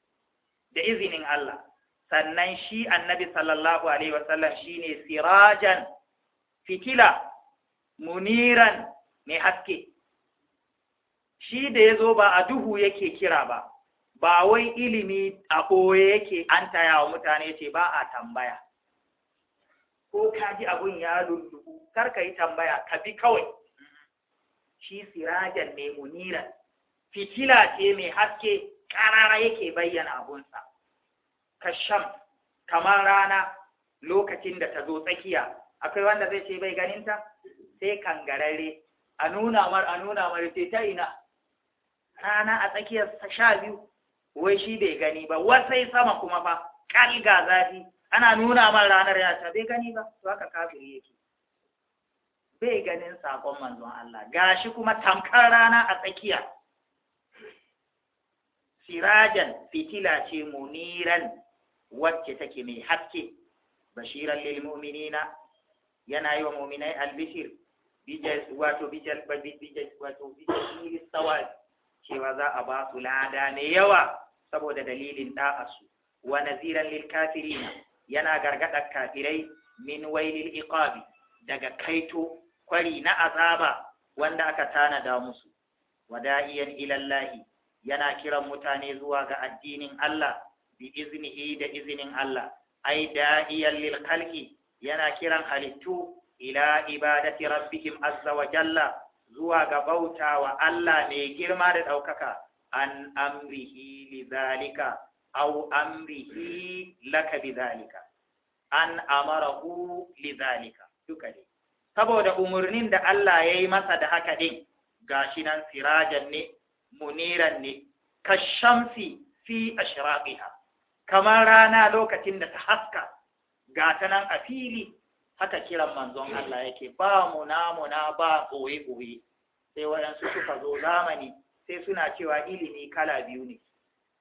da izinin Allah sannan shi annabi sallallahu alaihi wasallam shine sirajan fitila muniran mai haske shi da ya zo ba a duhu yake kira ba ba wai ilimi a ɓoye yake an taya wa mutane ce ba a tambaya ko ka ji abun ya lullubu kar ka yi tambaya ka bi kawai shi sirajan mai muniran fitila ce mai haske ƙarara yake bayyana abunsa kasham kamar rana lokacin da ta zo tsakiya akwai wanda zai ce bai ganinta sai kangarare a nuna mar a nuna mar sai ta ina rana a tsakiyar sha biyu wai shi bai gani ba wasai sama kuma fa kalga zafi ana nuna mar ranar ya ta bai gani ba to haka kafiri yake bai ganin sakon manzon Allah gashi kuma tamkar rana a tsakiya sirajan fitila ce muniran wacce take mai haske bashiran lil mu'minina yana yi wa mu'minai albishir bijas wato bijas bijas wato sawal cewa za a ba su lada mai yawa saboda dalilin da'asu wa naziran lil kafirina yana gargada kafirai min wailil iqabi daga kaito kwari na azaba wanda aka tanada musu wada'iyan ilallahi yana kiran mutane zuwa ga addinin Allah bi iznihi da izinin Allah ai da'iyan lil khalqi yana kiran halittu ila ibadati rabbihim azza wa jalla zuwa ga bautawa Allah mai girma da ɗaukaka an amrihi li zalika aw amrihi laka bi zalika an amarahu li zalika duka saboda umurnin da Allah ya yi masa da haka din gashi nan sirajan ne muniran ne kashamsi fi ashraqiha kamar rana lokacin da ta haska ga ta nan a fili haka kiran manzon Allah yake ba muna na ba ɓoye ɓoye sai waɗansu suka zo zamani sai suna cewa ilimi kala biyu ne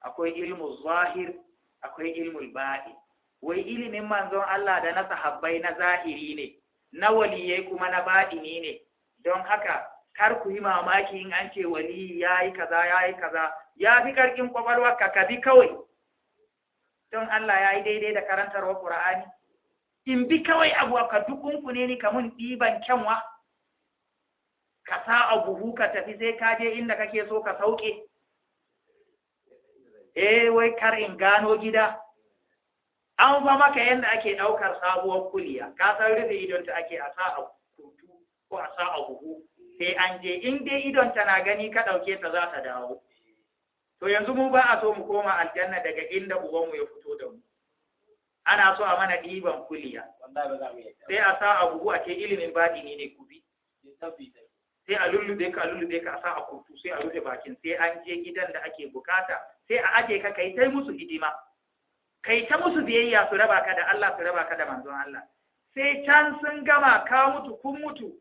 akwai ilmu zahir akwai ilmul ba'i wai ilimin manzon Allah da na sahabbai na zahiri ne na waliyai kuma na ba'i ne don haka kar ku yi mamaki in an ce wali ya yi kaza ya yi kaza ya fi karkin kwakwalwarka ka bi kawai don Allah ya yi daidai da karantar wa ƙura'ani, in bi kawai abu ka dukunku ne ni kamun ɗiban kyanwa ka sa a buhu ka tafi sai ka je inda kake so ka sauke eh wai kar in gano gida an fa maka yadda ake ɗaukar sabuwar kuliya ka san rufe idonta ake a sa a kutu ko a sa a buhu sai an je in dai idonta na gani ka ɗauke ta za ta dawo to yanzu mu ba a so mu koma aljanna daga inda ubanmu ya fito da mu ana so a mana ɗiban kuliya sai a sa a buhu a ke ilimin baɗini ne kubi sai a lullube ka a lullube ka a sa a kurtu sai a rufe bakin sai an je gidan da ake bukata sai a aje ka kai ta musu hidima kai ta musu biyayya su raba ka da Allah su raba ka da manzon Allah sai can sun gama ka mutu kun mutu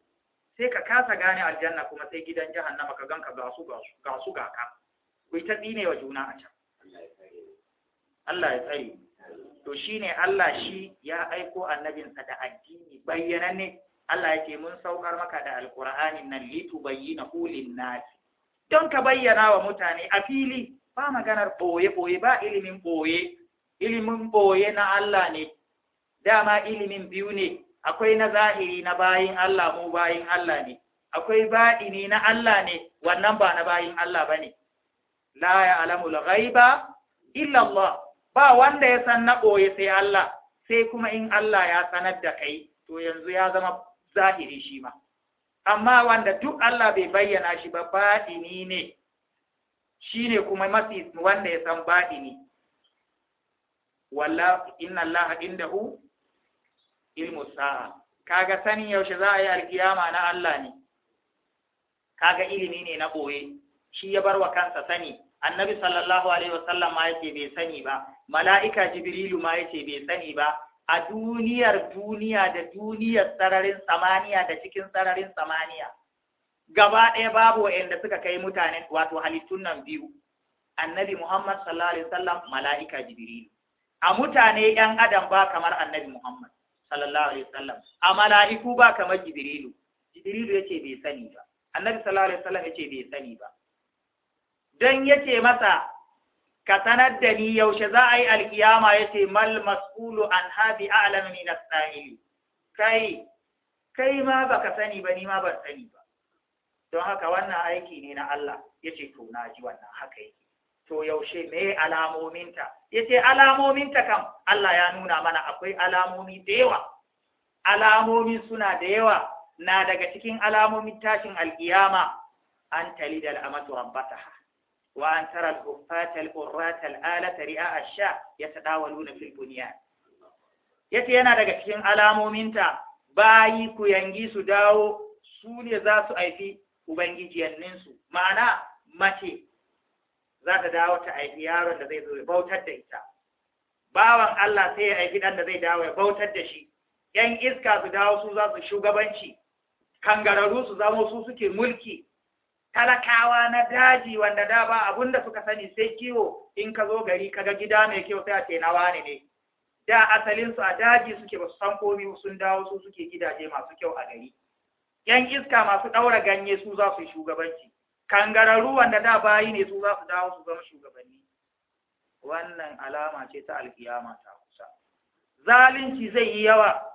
sai ka kasa gane aljanna kuma sai gidan jahannama ka gan ka su ga su ga su ga ka ku ta tsine wa juna a can Allah ya tsare to shine Allah shi ya aiko annabinsa da addini ne. Allah ya ce mun saukar maka da alqur'anin nan litubayyana hulin nas don ka bayyana wa mutane a fili ba maganar boye boye ba ilimin boye ilimin boye na Allah ne dama ilimin biyu ne akwai na zahiri na bayin Allah mu bayin Allah ne akwai baini na Allah ne wannan ba na bayin Allah bane la ya'lamul ghaiba illa Allah ba wanda ya san na boye sai Allah sai kuma in Allah ya sanar da kai to yanzu ya zama zahiri shi ma amma wanda duk Allah bai bayyana shi ba baɗini ne shine kuma mafi wanda ya san baɗini walla inna Allah indahu ilmu sa'a kaga sanin yaushe za a yi alkiyama na Allah ne kaga ilimi ne na boye shi ya bar wa kansa sani annabi sallallahu alaihi wasallam ma yake bai sani ba mala'ika jibrilu ma yake bai sani ba a duniyar duniya da duniyar sararin samaniya da cikin sararin samaniya gaba ɗaya babu wa'anda suka kai mutane wato halittun nan biyu annabi muhammad sallallahu alaihi wasallam mala'ika jibrilu a mutane yan adam ba kamar annabi muhammad sallallahu alaihi wasallam a mala'iku ba kamar jibrilu jibrilu yake bai sani ba annabi sallallahu alaihi wasallam yake bai sani ba don yake masa ka sanar da ni yaushe za a yi alkiyama yace ce mal mas'ulu an habi a'lam min as kai kai ma baka sani ba ni ma ban sani ba don haka wannan aiki ne na Allah yace to na ji wannan haka yake to yaushe me alamominta yace alamominta kam Allah ya nuna mana akwai alamomi da yawa alamomi suna da yawa na daga cikin alamomin tashin alkiyama an talidal amatu ambataha وأن ترى الكفات القرات الآلة رئاء الشاء يتداولون في البنيان yace yana daga cikin alamominta bayi ku yangi su dawo su ne za su aifi ubangijiyanninsu ma'ana mace za ta dawo ta aifi yaron da zai zo ya bautar da ita bawan Allah sai ya aifi dan da zai dawo ya bautar da shi yan iska su dawo su za su shugabanci kangararru su zamo su suke mulki talakawa na daji wanda da ba abun da suka sani sai kiwo in ka zo gari ka ga gida mai kyau sai a ce na wane ne da asalin su a daji suke ba su san komi sun dawo su suke gidaje masu kyau a gari yan iska masu daura ganye su za su yi shugabanci kangararru wanda da bayi ne su za su dawo su zama shugabanni wannan alama ce ta alkiyama ta kusa zalunci zai yi yawa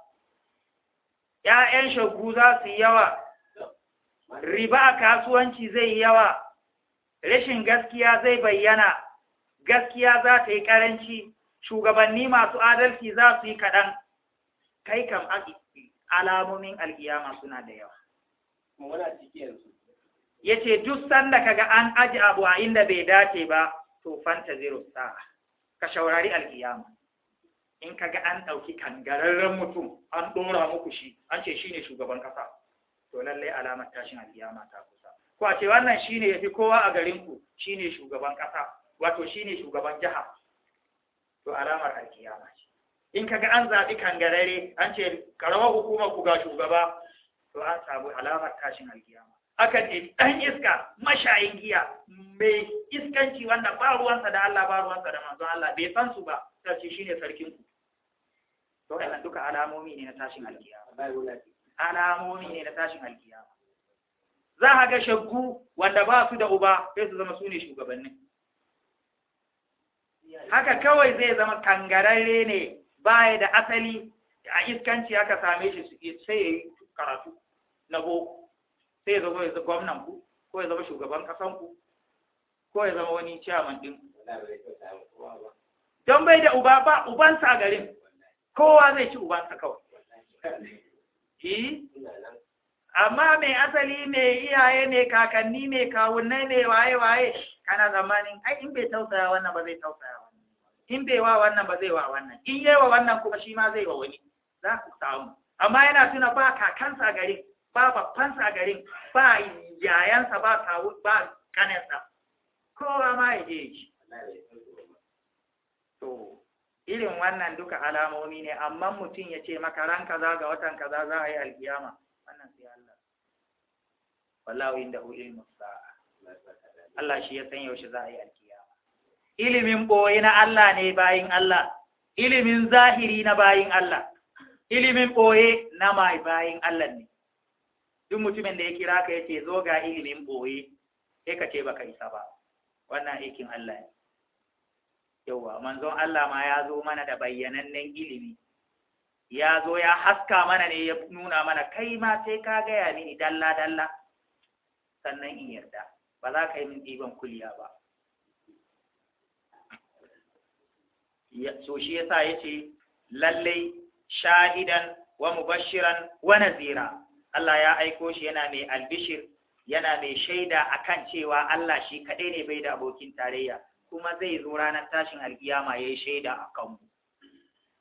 ‘ya'yan shagu za su yi yawa riba a kasuwanci zai yawa rashin gaskiya zai bayyana gaskiya za ta yi karanci shugabanni masu adalci za su yi kaɗan kai kam alamomin alkiyama suna da yawa ya ce duk sanda kaga an aji abu a inda bai dace ba to fanta zero sa'a ka shaurari alkiyama in kaga an ɗauki kangararren mutum an ɗora muku shi an ce shi ne shugaban ƙasa to lallai alamar tashin alkiyama ta kusa ko a ce wannan shine yafi kowa a garin ku shine shugaban kasa wato shine shugaban jiha to alamar alkiyama ce in kaga an zabi kangarare an ce karawa hukuma ku ga shugaba to an samu alamar tashin alkiyama aka ce dan iska mashayin giya mai iskanci wanda ba ruwansa da Allah ba ruwansa da manzon Allah bai san su ba sai shine sarkin ku to wannan duka alamomi ne na tashin alkiyama alamomi ne na tashin alkiyama za a ga shaggu wanda ba su da uba sai su zama su ne shugabannin haka kawai zai zama kangararre ne baya da asali a iskanci aka same shi sai ya yi karatu na boko sai ya zama gwamnan ku ko ya zama shugaban kasan ku ko ya zama wani ciyaman din don bai da uba ba ubansa a garin kowa zai ci ubansa kawai eh amma mai asali mai iyaye mai kakanni mai kawunnai mai waye-waye kana zamanin ai in bai tausaya wannan ba zai tausaya wannan in bai wa wannan ba zai wa wannan in yi wa wannan kuma shi ma zai wa wani za ku samu amma yana tuna ba kakansa a garin ba babbansa a garin ba yayansa ba kawu ba kanensa kowa ma ya je shi to irin wannan duka alamomi ne amma mutum ya ce maka ran kaza ga watan kaza za a yi alkiyama wannan sai Allah inda hu ilmu sa'a Allah shi ya san yaushe za a yi alkiyama ilimin boye na Allah ne bayin Allah ilimin zahiri na bayin Allah ilimin boye na mai bayin Allah ne duk mutumin da ya kira ka yace zo ga ilimin boye sai ka ce baka isa ba wannan aikin Allah ne yawa manzon Allah ma ya zo mana da bayyanannen ilimi ya zo ya haska mana ne ya nuna mana kai ma sai ka gaya mini dalla dalla sannan in yarda ba za ka yi min ɗiban kuliya ba so shi ya ce lallai shahidan wa mubashiran wa nazira Allah ya aiko shi yana mai albishir yana mai shaida akan cewa Allah shi kaɗai ne bai da abokin tarayya kuma zai zo ranar tashin alkiyama yayi shaida akan mu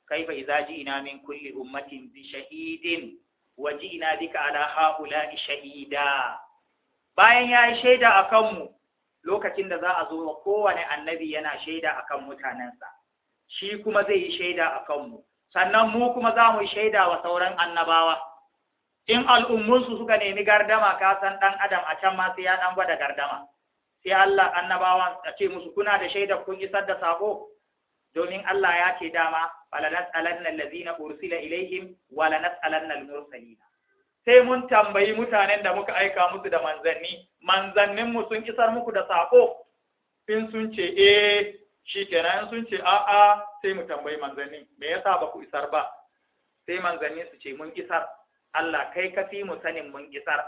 kaifa idza ji'na min kulli ummatin bi shahidin wa ji'na bika ala haula'i shahida bayan yayi shaida akan mu lokacin da za a zo kowane annabi yana shaida akan mutanensa shi kuma zai yi shaida akan mu sannan mu kuma za mu yi shaida wa sauran annabawa in al'ummunsu suka nemi gardama ka san ɗan adam a can ma sai ya ɗan gwada gardama sai Allah annabawan a ce musu kuna da shaidar kun isar da sako domin Allah ya ce dama wala nas'alan allazina ursila ilaihim wala nas'alan almursalin sai mun tambayi mutanen da muka aika musu da manzanni manzannin mu sun isar muku da sako in sun ce eh shikenan sun ce a'a sai mu tambayi manzanni me yasa ba ku isar ba sai manzanni su ce mun isar Allah kai ka fi mu sanin mun isar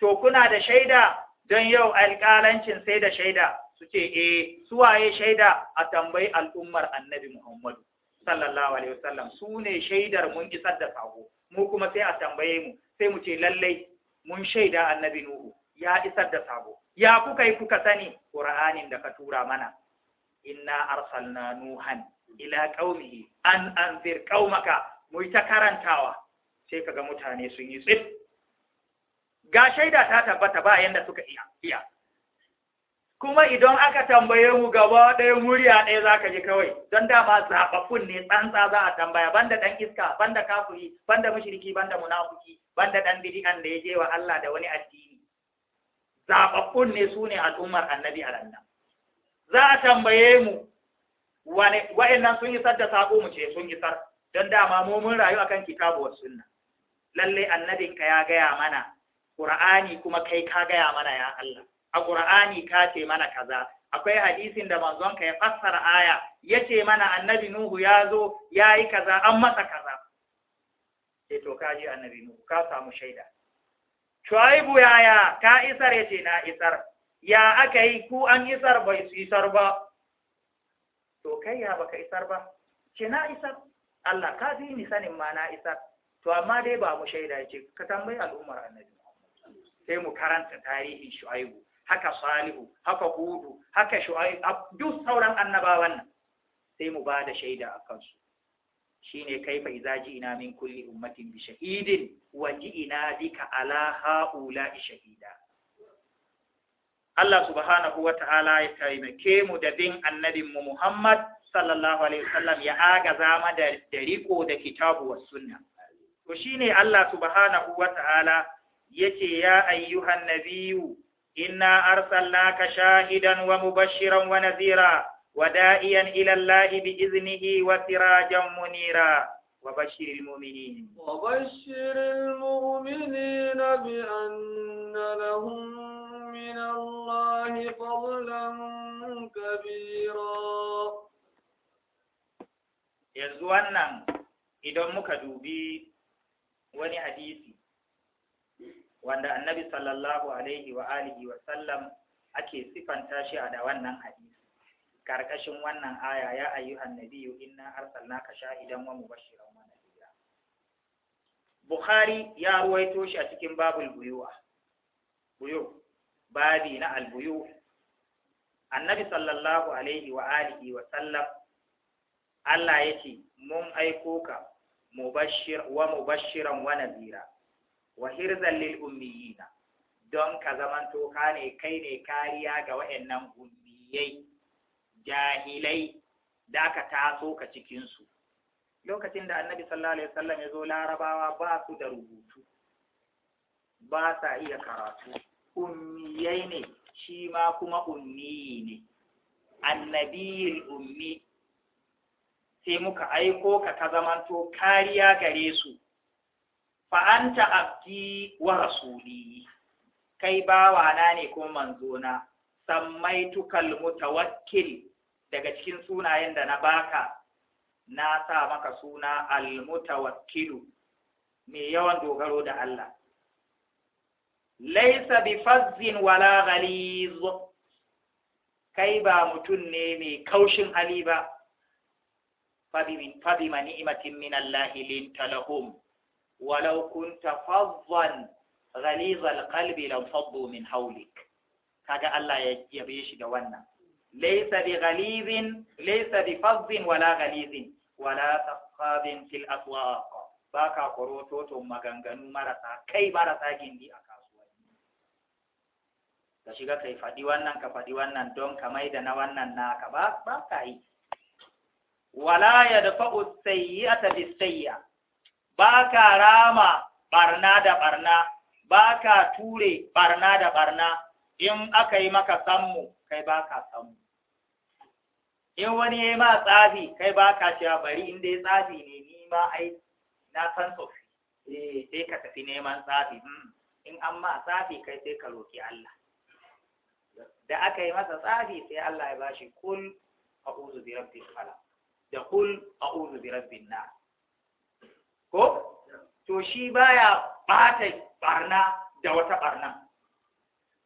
to kuna da shaida don yau alƙalancin sai da shaida su ce eh suwaye shaida a tambayi al'ummar annabi Muhammadu sallallahu alaihi wasallam su ne shaidar mun isar da sako mu kuma sai a tambaye mu sai mu ce lallai mun shaida annabi Nuhu ya isar da sako ya kuka yi kuka sani Qur'anin da ka tura mana inna arsalna nuhan ila qaumihi an anzir qaumaka mu ta karantawa sai ga mutane sun yi tsif ga shaida ta tabbata ba yanda suka iya kuma idan aka tambaye mu gaba ɗaya murya ɗaya za ka ji kawai don dama zaɓaɓɓun ne tsantsa za a tambaya banda ɗan iska banda kafuri banda mushriki banda munafuki banda ɗan bidi'an da ya je wa Allah da wani addini zaɓaɓɓun ne su ne al'ummar annabi a nan za a tambaye mu wa'annan sun isar da saƙo mu ce sun isar don dama mu mun rayu akan kitabu wa sunna lalle annabinka ya gaya mana Qur'ani kuma kai ka gaya mana ya Allah a Qur'ani ka ce mana kaza akwai hadisin da manzonka ya fassara aya yace mana annabi Nuhu ya zo ya yi kaza an masa kaza ce to ka ji annabi Nuhu ka samu shaida Shu'aibu yaya ka isar yace na isar ya aka yi ku an isar bai su isar ba to kai ya baka isar ba ce na isar Allah ka ji ni sanin ma na isar to amma dai ba mu shaida ce ka tambayi al'ummar annabi sai mu karanta tarihin shu'aibu haka salihu haka hudu haka shu'aibu duk sauran annabawan nan sai mu ba da shaida a kansu shine kaifa idza ji'na min kulli ummatin bi shahidin wa ji'na bika ala haula shahida Allah subhanahu wa ta'ala ya taimake mu da bin annabin mu Muhammad sallallahu alaihi wasallam ya agaza ma da riko da kitabu wa sunna to shine Allah subhanahu wa ta'ala yace ya ayyuhan nabiyyu inna arsalnaka shahidan wa mubashiran wa nadhira wa da'iyan ila Allah bi iznihi wa sirajan munira wa bashiril mu'minin wa bashiril mu'minin bi anna lahum min Allah fadlan kabira yanzu wannan idan muka dubi wani hadisi wanda annabi sallallahu alaihi wa alihi wa sallam ake sifanta shi a da wannan hadisi karkashin wannan aya ya ayyuhan nabiyyu inna arsalnaka shahidan wa mubashiran wa nadira Bukhari ya ruwaito shi a cikin babul buyuwa buyu babi na al albuyu annabi sallallahu alaihi wa alihi wa sallam Allah yace mun aiko ka mubashir wa mubashiran wa nadira wa hirzan lil ummiyina don ka zamanto ka ne kai ne kariya ga wa'annan ummiyai jahilai da ka taso ka cikin su lokacin da annabi sallallahu alaihi wasallam ya zo larabawa ba su da rubutu ba sa iya karatu ummiyai ne shi ma kuma ummiyi ne annabiyil ummi sai muka aiko ka ka zamanto kariya gare su Fa'anta abdi wa rasuli kai bawa na ne kuma manzona samaitukal mutawakkil daga cikin sunayen da na baka na sa maka suna almutawakilu mai yawan dogaro da Allah laisa bi fazzin wala ghaliz kai ba mutum ne mai kaushin hali ba fabi mani imatin min Allah walau kunta faddan ghalizal qalbi lam faddu min hawlik kaga Allah ya yabe shi da wannan laysa bi ghalizin laysa bi wala ghalizin wala taqabin fil aswaq baka korototon maganganu marasa kai marasa gindi a kasuwanni ka shiga kai faɗi wannan ka faɗi wannan don ka maida na wannan naka ba ba ka yi wala yadfa'u sayyi'ata bis sayyi'a ba ka rama barna da barna ba ka ture barna da barna in aka yi maka sammu kai ba ka sammu in wani ya yi ma tsafi kai ba ka cewa bari in dai tsafi ne ni ma ai na san tsofi eh sai ka tafi neman tsafi hmm. in an ma tsafi kai sai ka roki Allah da aka yi masa tsafi sai Allah ya bashi kul a'udhu bi rabbil da kul a'udhu bi rabbin nas ko to shi baya ɓata ɓarna da wata barna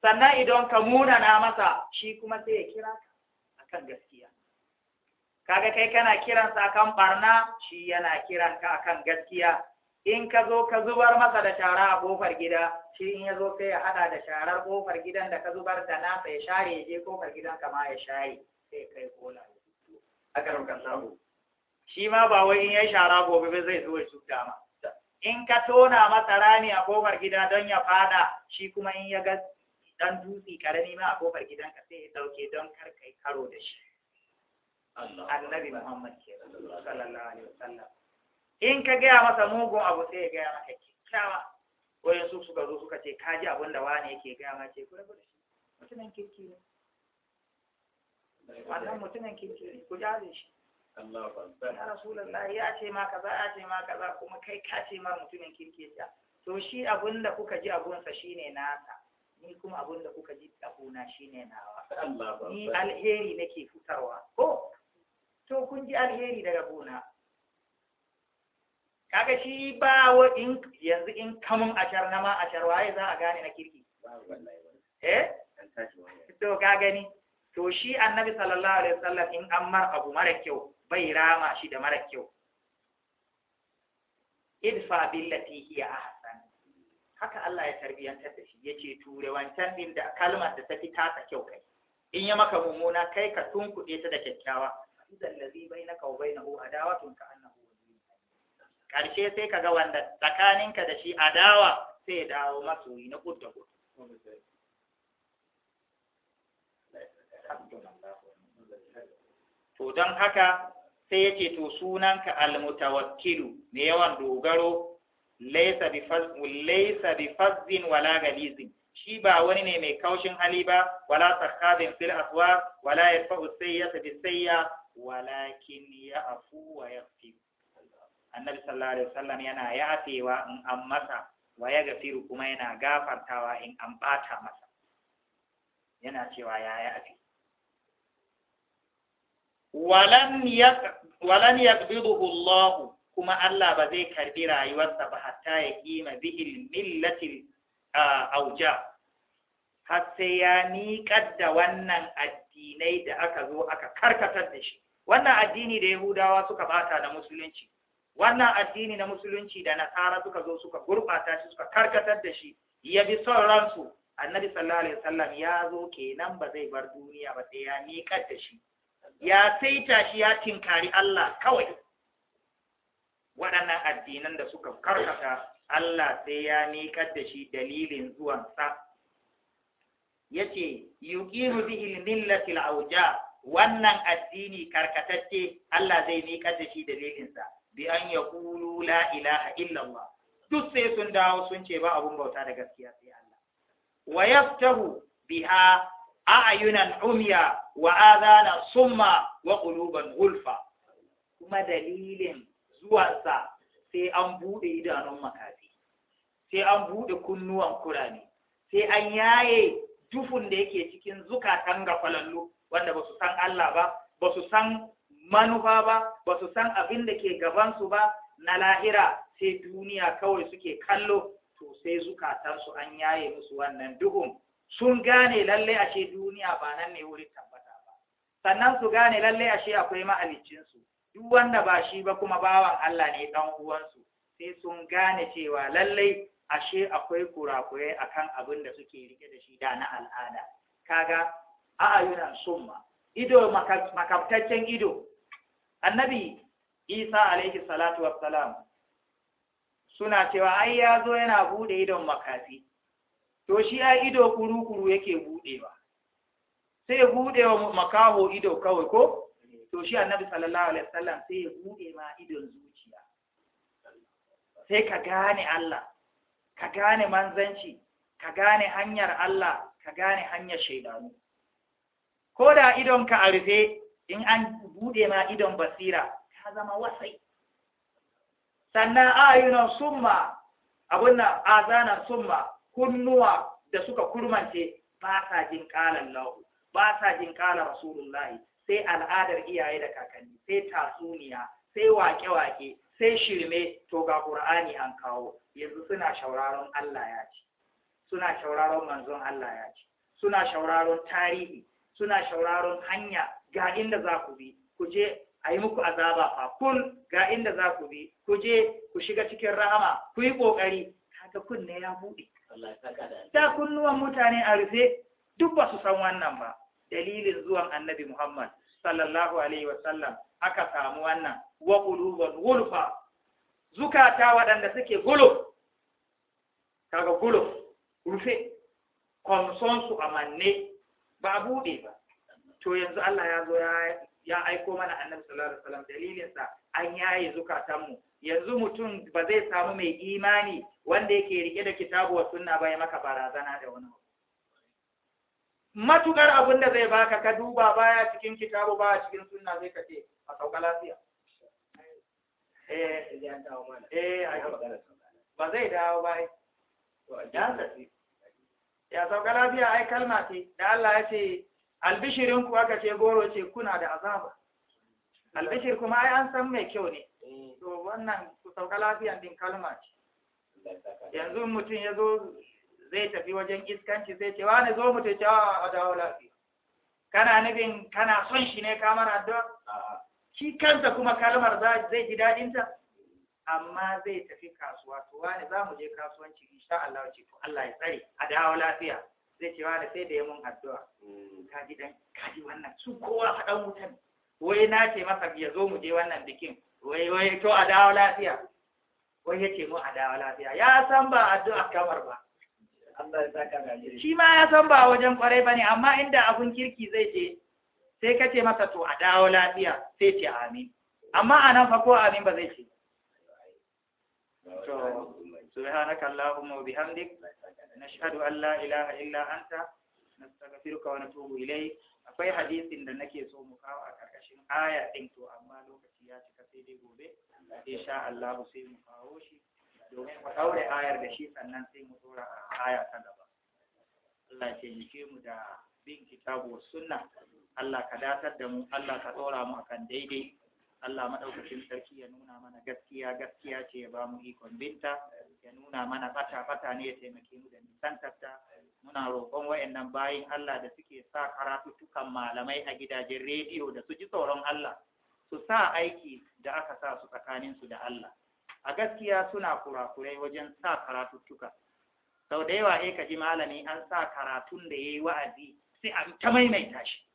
sannan idan ka munana masa shi kuma sai ya kira akan gaskiya kaga kai kana kiransa akan barna shi yana kiran ka akan gaskiya in ka zo ka zubar masa da shara a ƙofar gida shi in ya zo sai ya hada da sharar ƙofar gidan da ka zubar da nasa ya share ya je kofar gidan kama ya share sai kai kola a karon sabu. shi ma ba wai in ya shara gobe ba zai zo ya cuta ma in ka tona masa rani a kofar gida don ya fada shi kuma in ya ga dan dutse karami ma a kofar ka, sai ya dauke don kar kai karo da shi annabi muhammad sallallahu alaihi wasallam in ka gaya masa mugun abu sai ya gaya maka kyakkyawa wayan su suka zo suka ce ka ji abin da wani yake gaya ma ce ku rabu da shi mutumin kirki ne wannan mutumin kirki ne ku jaje shi ya rasulullah ya ce ma kaza ya ce ma kaza kuma kai ka ce ma mutumin kirkeciya to shi abun da kuka ji sa shine nasa ni kuma abun da kuka ji abuna shine nawa ni alheri nake fitarwa ko to kun ji alheri daga gona kaga shi ba wa in yanzu in kamun ashar na ma ashar waye za a gane na kirki eh to ka gani to shi annabi sallallahu alaihi wasallam in an mar abu mara kyau bai rama shi da mara kyau idfa billati hiya ahsan haka Allah ya tarbiyantar da shi yace ture wancan din da kalmar da ta fi tasa kyau kai in ya maka mummuna kai ka tunkuɗe ta da kyakkyawa idan lazi na wa adawa tun ka annahu karshe sai kaga wanda tsakaninka da shi adawa sai ya dawo masoyi na kudda kudu to don haka sai yace to sunanka almutawakkilu mai yawan dogaro laysa bi fazin laysa bi wala galizin shi ba wani ne mai kaushin hali ba wala sakhabin fil aswa wala yafu sayyata bi sayya walakin ya'fu wa yaghfir annabi sallallahu alaihi wasallam yana yafewa in an masa wa ya gafiru kuma yana gafartawa in an bata masa yana cewa ya yafe walam yaka. walan yaqbiduhu Allahu! kuma Allah ba zai karbi rayuwarsa ba hatta ya kima bihil millatil auja har sai ya miƙar da wannan addinai da aka zo aka karkatar da shi wannan addini da yahudawa suka bata na musulunci wannan addini na musulunci da nasara suka zo suka gurɓata shi suka karkatar da shi ya bi son ransu annabi sallallahu alaihi wasallam ya zo kenan ba zai bar duniya ba sai ya miƙar da shi ya saita shi ya tinkari Allah kawai waɗannan addinan da suka karkata Allah sai ya miƙar da shi dalilin zuwansa ya ce yuƙinu bihil millatil auja wannan addini karkatacce Allah zai miƙar da shi dalilinsa bi an ya kulu la ilaha illallah duk sai sun dawo sun ce ba abun bauta da gaskiya sai Allah wa yaftahu biha a'ayunan umya wa adana summa wa quluban gulfa kuma dalilin zuwansa sai an bude idanun makafi sai an bude kunnuwan kurani sai an yaye dufun da yake cikin zukatan gafalallu wanda basu san Allah ba basu san manufa ba basu san abin da ke gabansu ba na lahira sai duniya kawai suke kallo to sai zukatansu an yaye musu wannan duhun sun gane lalle ashe duniya ba nan ne wurin tabbata ba sannan su gane lalle ashe akwai mahaliccinsu duk wanda ba shi ba kuma bawan Allah ne dan uwansu sai sun gane cewa lalle ashe akwai kurakurai akan abin da suke rike da shi da na al'ada kaga a ayunan summa ido makabtaccen ido annabi isa alaihi salatu wassalam suna cewa ai ya zo yana bude idon makafi to shi ya ido kuru-kuru yake budewa sai budewa makaho ido kawai ko to shi annabi sallallahu alaihi wasallam sai ya bude ma idon zuciya sai ka gane Allah ka gane manzanci ka gane hanyar Allah ka gane hanyar shaidanu ko da idonka a rufe in an bude ma idon basira ka zama wasai sannan ayyuna summa abunna azana summa kunnuwa da suka kurmance ba sa jin ƙalan lahu ba sa jin rasulullahi sai al'adar iyaye da kakanni sai tatsuniya sai wake-wake sai shirme to ga ƙur'ani an kawo yanzu suna shauraron Allah ya ce suna shauraron manzon Allah ya ce suna shauraron tarihi suna shauraron hanya ga inda za ku bi ku je a yi muku azaba fa kun ga inda za ku bi ku je ku shiga cikin rahama ku yi ƙoƙari kaga kunne ya buɗe ta kunnuwan mutane a rufe duk ba su san wannan ba dalilin zuwan annabi Muhammad sallallahu alaihi wasallam aka samu wannan wa wulfa zukata waɗanda suke gulo kaga gulo rufe kwamson su a manne ba a buɗe ba to yanzu Allah ya zo ya aiko mana annabi sallallahu alaihi wasallam dalilin an yaye zukatanmu yanzu mutum ba zai samu mai imani wanda yake rike da kitabu wa sunna ba ya maka barazana da wani matukar abin da zai baka ka duba baya cikin kitabu baya cikin sunna zai kace a sauka lafiya eh, eh, ba zai dawo ba ya ya sauka lafiya ai kalma ce da Allah ya ce albishirin aka ce goro ce kuna da azaba albishir kuma ai an san mai kyau ne Eh. to wannan ku sauka lafiyan din kalma ce yanzu mutum ya zo zai tafi wajen iskanci zai ce wani zo mutum ce a dawo lafiya kana nufin kana son shi ne kamar addu'a shi kanta kuma kalmar zai ji daɗinta amma zai tafi kasuwa to wani za mu je kasuwanci insha Allah ce to Allah ya tsare a dawo lafiya zai ce wani sai da ya mun addu'a hmm. ka ji dan ka ji wannan su kowa dan wutan wai na ce masa ya zo mu je wannan bikin wai wai to a dawo lafiya wai ya ce mu a dawo lafiya ya san ba addu'a kamar ba Allah ya saka gajiri shi ma ya san ba wajen kwarai bane amma inda abun kirki zai je sai ka ce masa to a dawo lafiya sai ce amin amma a nan fa ko amin ba zai ce to subhanaka allahumma wa bihamdik nashhadu an la ilaha illa anta nastaghfiruka wa natubu ilayk akwai hadisin da nake so mu kawo a karkashin aya ɗin to amma lokaci ya cika sai dai gobe sha Allah sai mu kawo shi domin mu daure ayar da shi sannan sai mu dora aya ta gaba Allah ya taimake mu da bin kitabu sunna Allah ka datar da mu Allah ka dora mu akan daidai Allah madaukakin sarki ya nuna mana gaskiya gaskiya ce ya ba mu ikon binta ya nuna mana fata fata ne ya taimake mu da nisantarta muna roƙon wayannan bayin Allah da suke sa karatutukan malamai a gidajen rediyo da su ji tsoron Allah su sa aiki da aka sa su tsakaninsu da Allah a gaskiya suna kurakurai wajen sa karatuttuka sau da yawa ka ji malami an sa karatun da yayi wa'azi sai a ta maimaita shi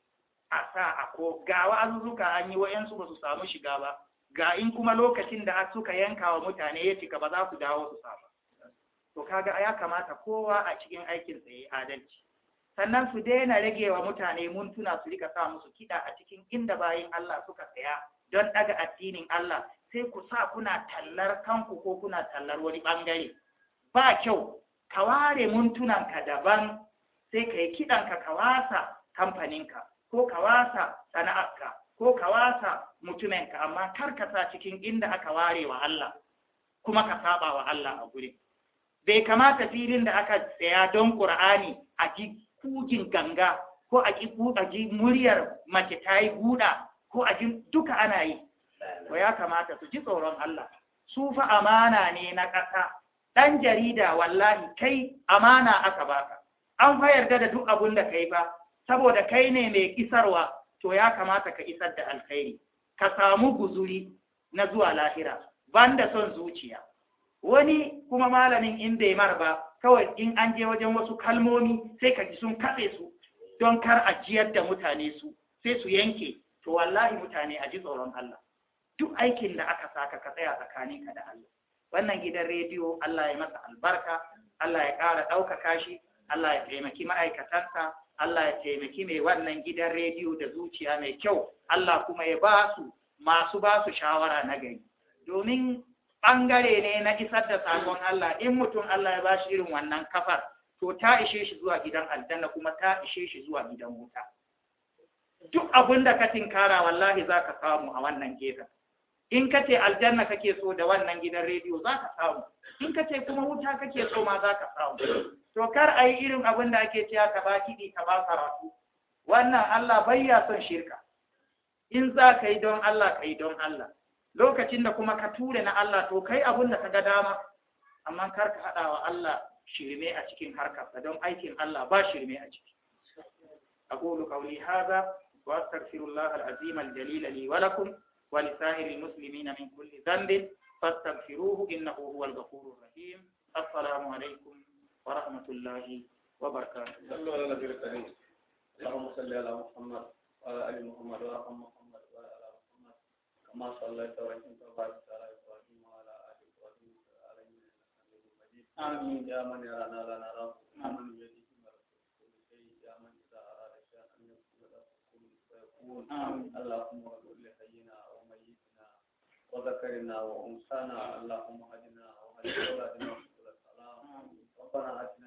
a sa a ko ga wa'azuzzuka an yi wa'yansu ba su samu shiga ba ga in kuma lokacin da suka yanka wa mutane ya cika ba za su dawo su samu to kaga ya kamata kowa a cikin aikin tsaye adalci sannan su daina rage wa mutane muntuna su rika sa musu kiɗa a cikin inda bayin Allah suka tsaya don ɗaga addinin Allah sai ku sa kuna tallar kanku ko kuna tallar wani bangare ba kyau ka ware muntunanka daban sai ka yi kiɗanka ka wasa kamfaninka ko ka wasa sana'arka ko ka wasa mutuminka amma kar ka sa cikin inda aka ware wa Allah kuma ka saba wa Allah a gurin bai kamata filin da aka saya don ƙur'ani a ji kugin ganga ko a ji muryar mace ta yi guda ko a ji duka ana yi Ko ya kamata su ji tsoron Allah su fa amana ne na ƙasa ɗan jarida wallahi kai amana aka baka an fa yarda da duk abun da kai ba saboda kai ne mai isarwa to ya kamata ka isar da alkhairi ka samu guzuri na zuwa lahira banda son zuciya wani kuma malamin in bai mar ba kawai in an je wajen wasu kalmomi sai ka ji sun katse su don kar a jiyar da mutane su sai su yanke to wallahi mutane a ji tsoron Allah duk aikin da aka saka ka tsaya ka da Allah wannan gidan rediyo Allah ya masa albarka Allah ya ƙara ɗaukaka shi Allah ya taimaki ma'aikatarsa Allah ya taimaki mai wannan gidan rediyo da zuciya mai kyau Allah kuma ya ba su masu ba su shawara na gari domin ɓangare ne na isar da sakon Allah in mutum Allah ya bashi irin wannan kafar to ta ishe shi zuwa gidan aljanna kuma ta ishe shi zuwa gidan wuta duk abin da ka tinkara wallahi za ka samu a wannan gefen in ka ce aljanna kake so da wannan gidan rediyo za ka samu in ka kuma wuta kake so ma za ka samu to kar a yi irin abin da ake cewa ka ba kiɗi ka ba karatu wannan Allah bai ya son shirka in za ka yi don Allah ka yi don Allah lokacin da kuma ka ture na Allah to kai abin da ka ga dama amma kar ka haɗa wa Allah shirme a cikin harkarsa don aikin Allah ba shirme a ciki أقول قولي هذا وأستغفر الله العظيم الجليل لي ولكم ولسائر المسلمين من كل ذنب فاستغفروه إنه هو الغفور الرحيم السلام عليكم ورحمة الله وبركاته. صلوا على النبي الكريم. اللهم صل على محمد وعلى آل محمد وعلى محمد. كما صليت ورحمت وبارك على إبراهيم وعلى آل إبراهيم في العالمين إنك حميد مجيد آمين يا من يرانا لا نراه يا من بيده ملكوت كل شيء يا من إذا أراد شيئا أن يكون له كن فيكون آمين اللهم اغفر لحينا وميتنا وذكرنا وأنثانا اللهم هدنا وهد أولادنا سبل السلام ربنا آتنا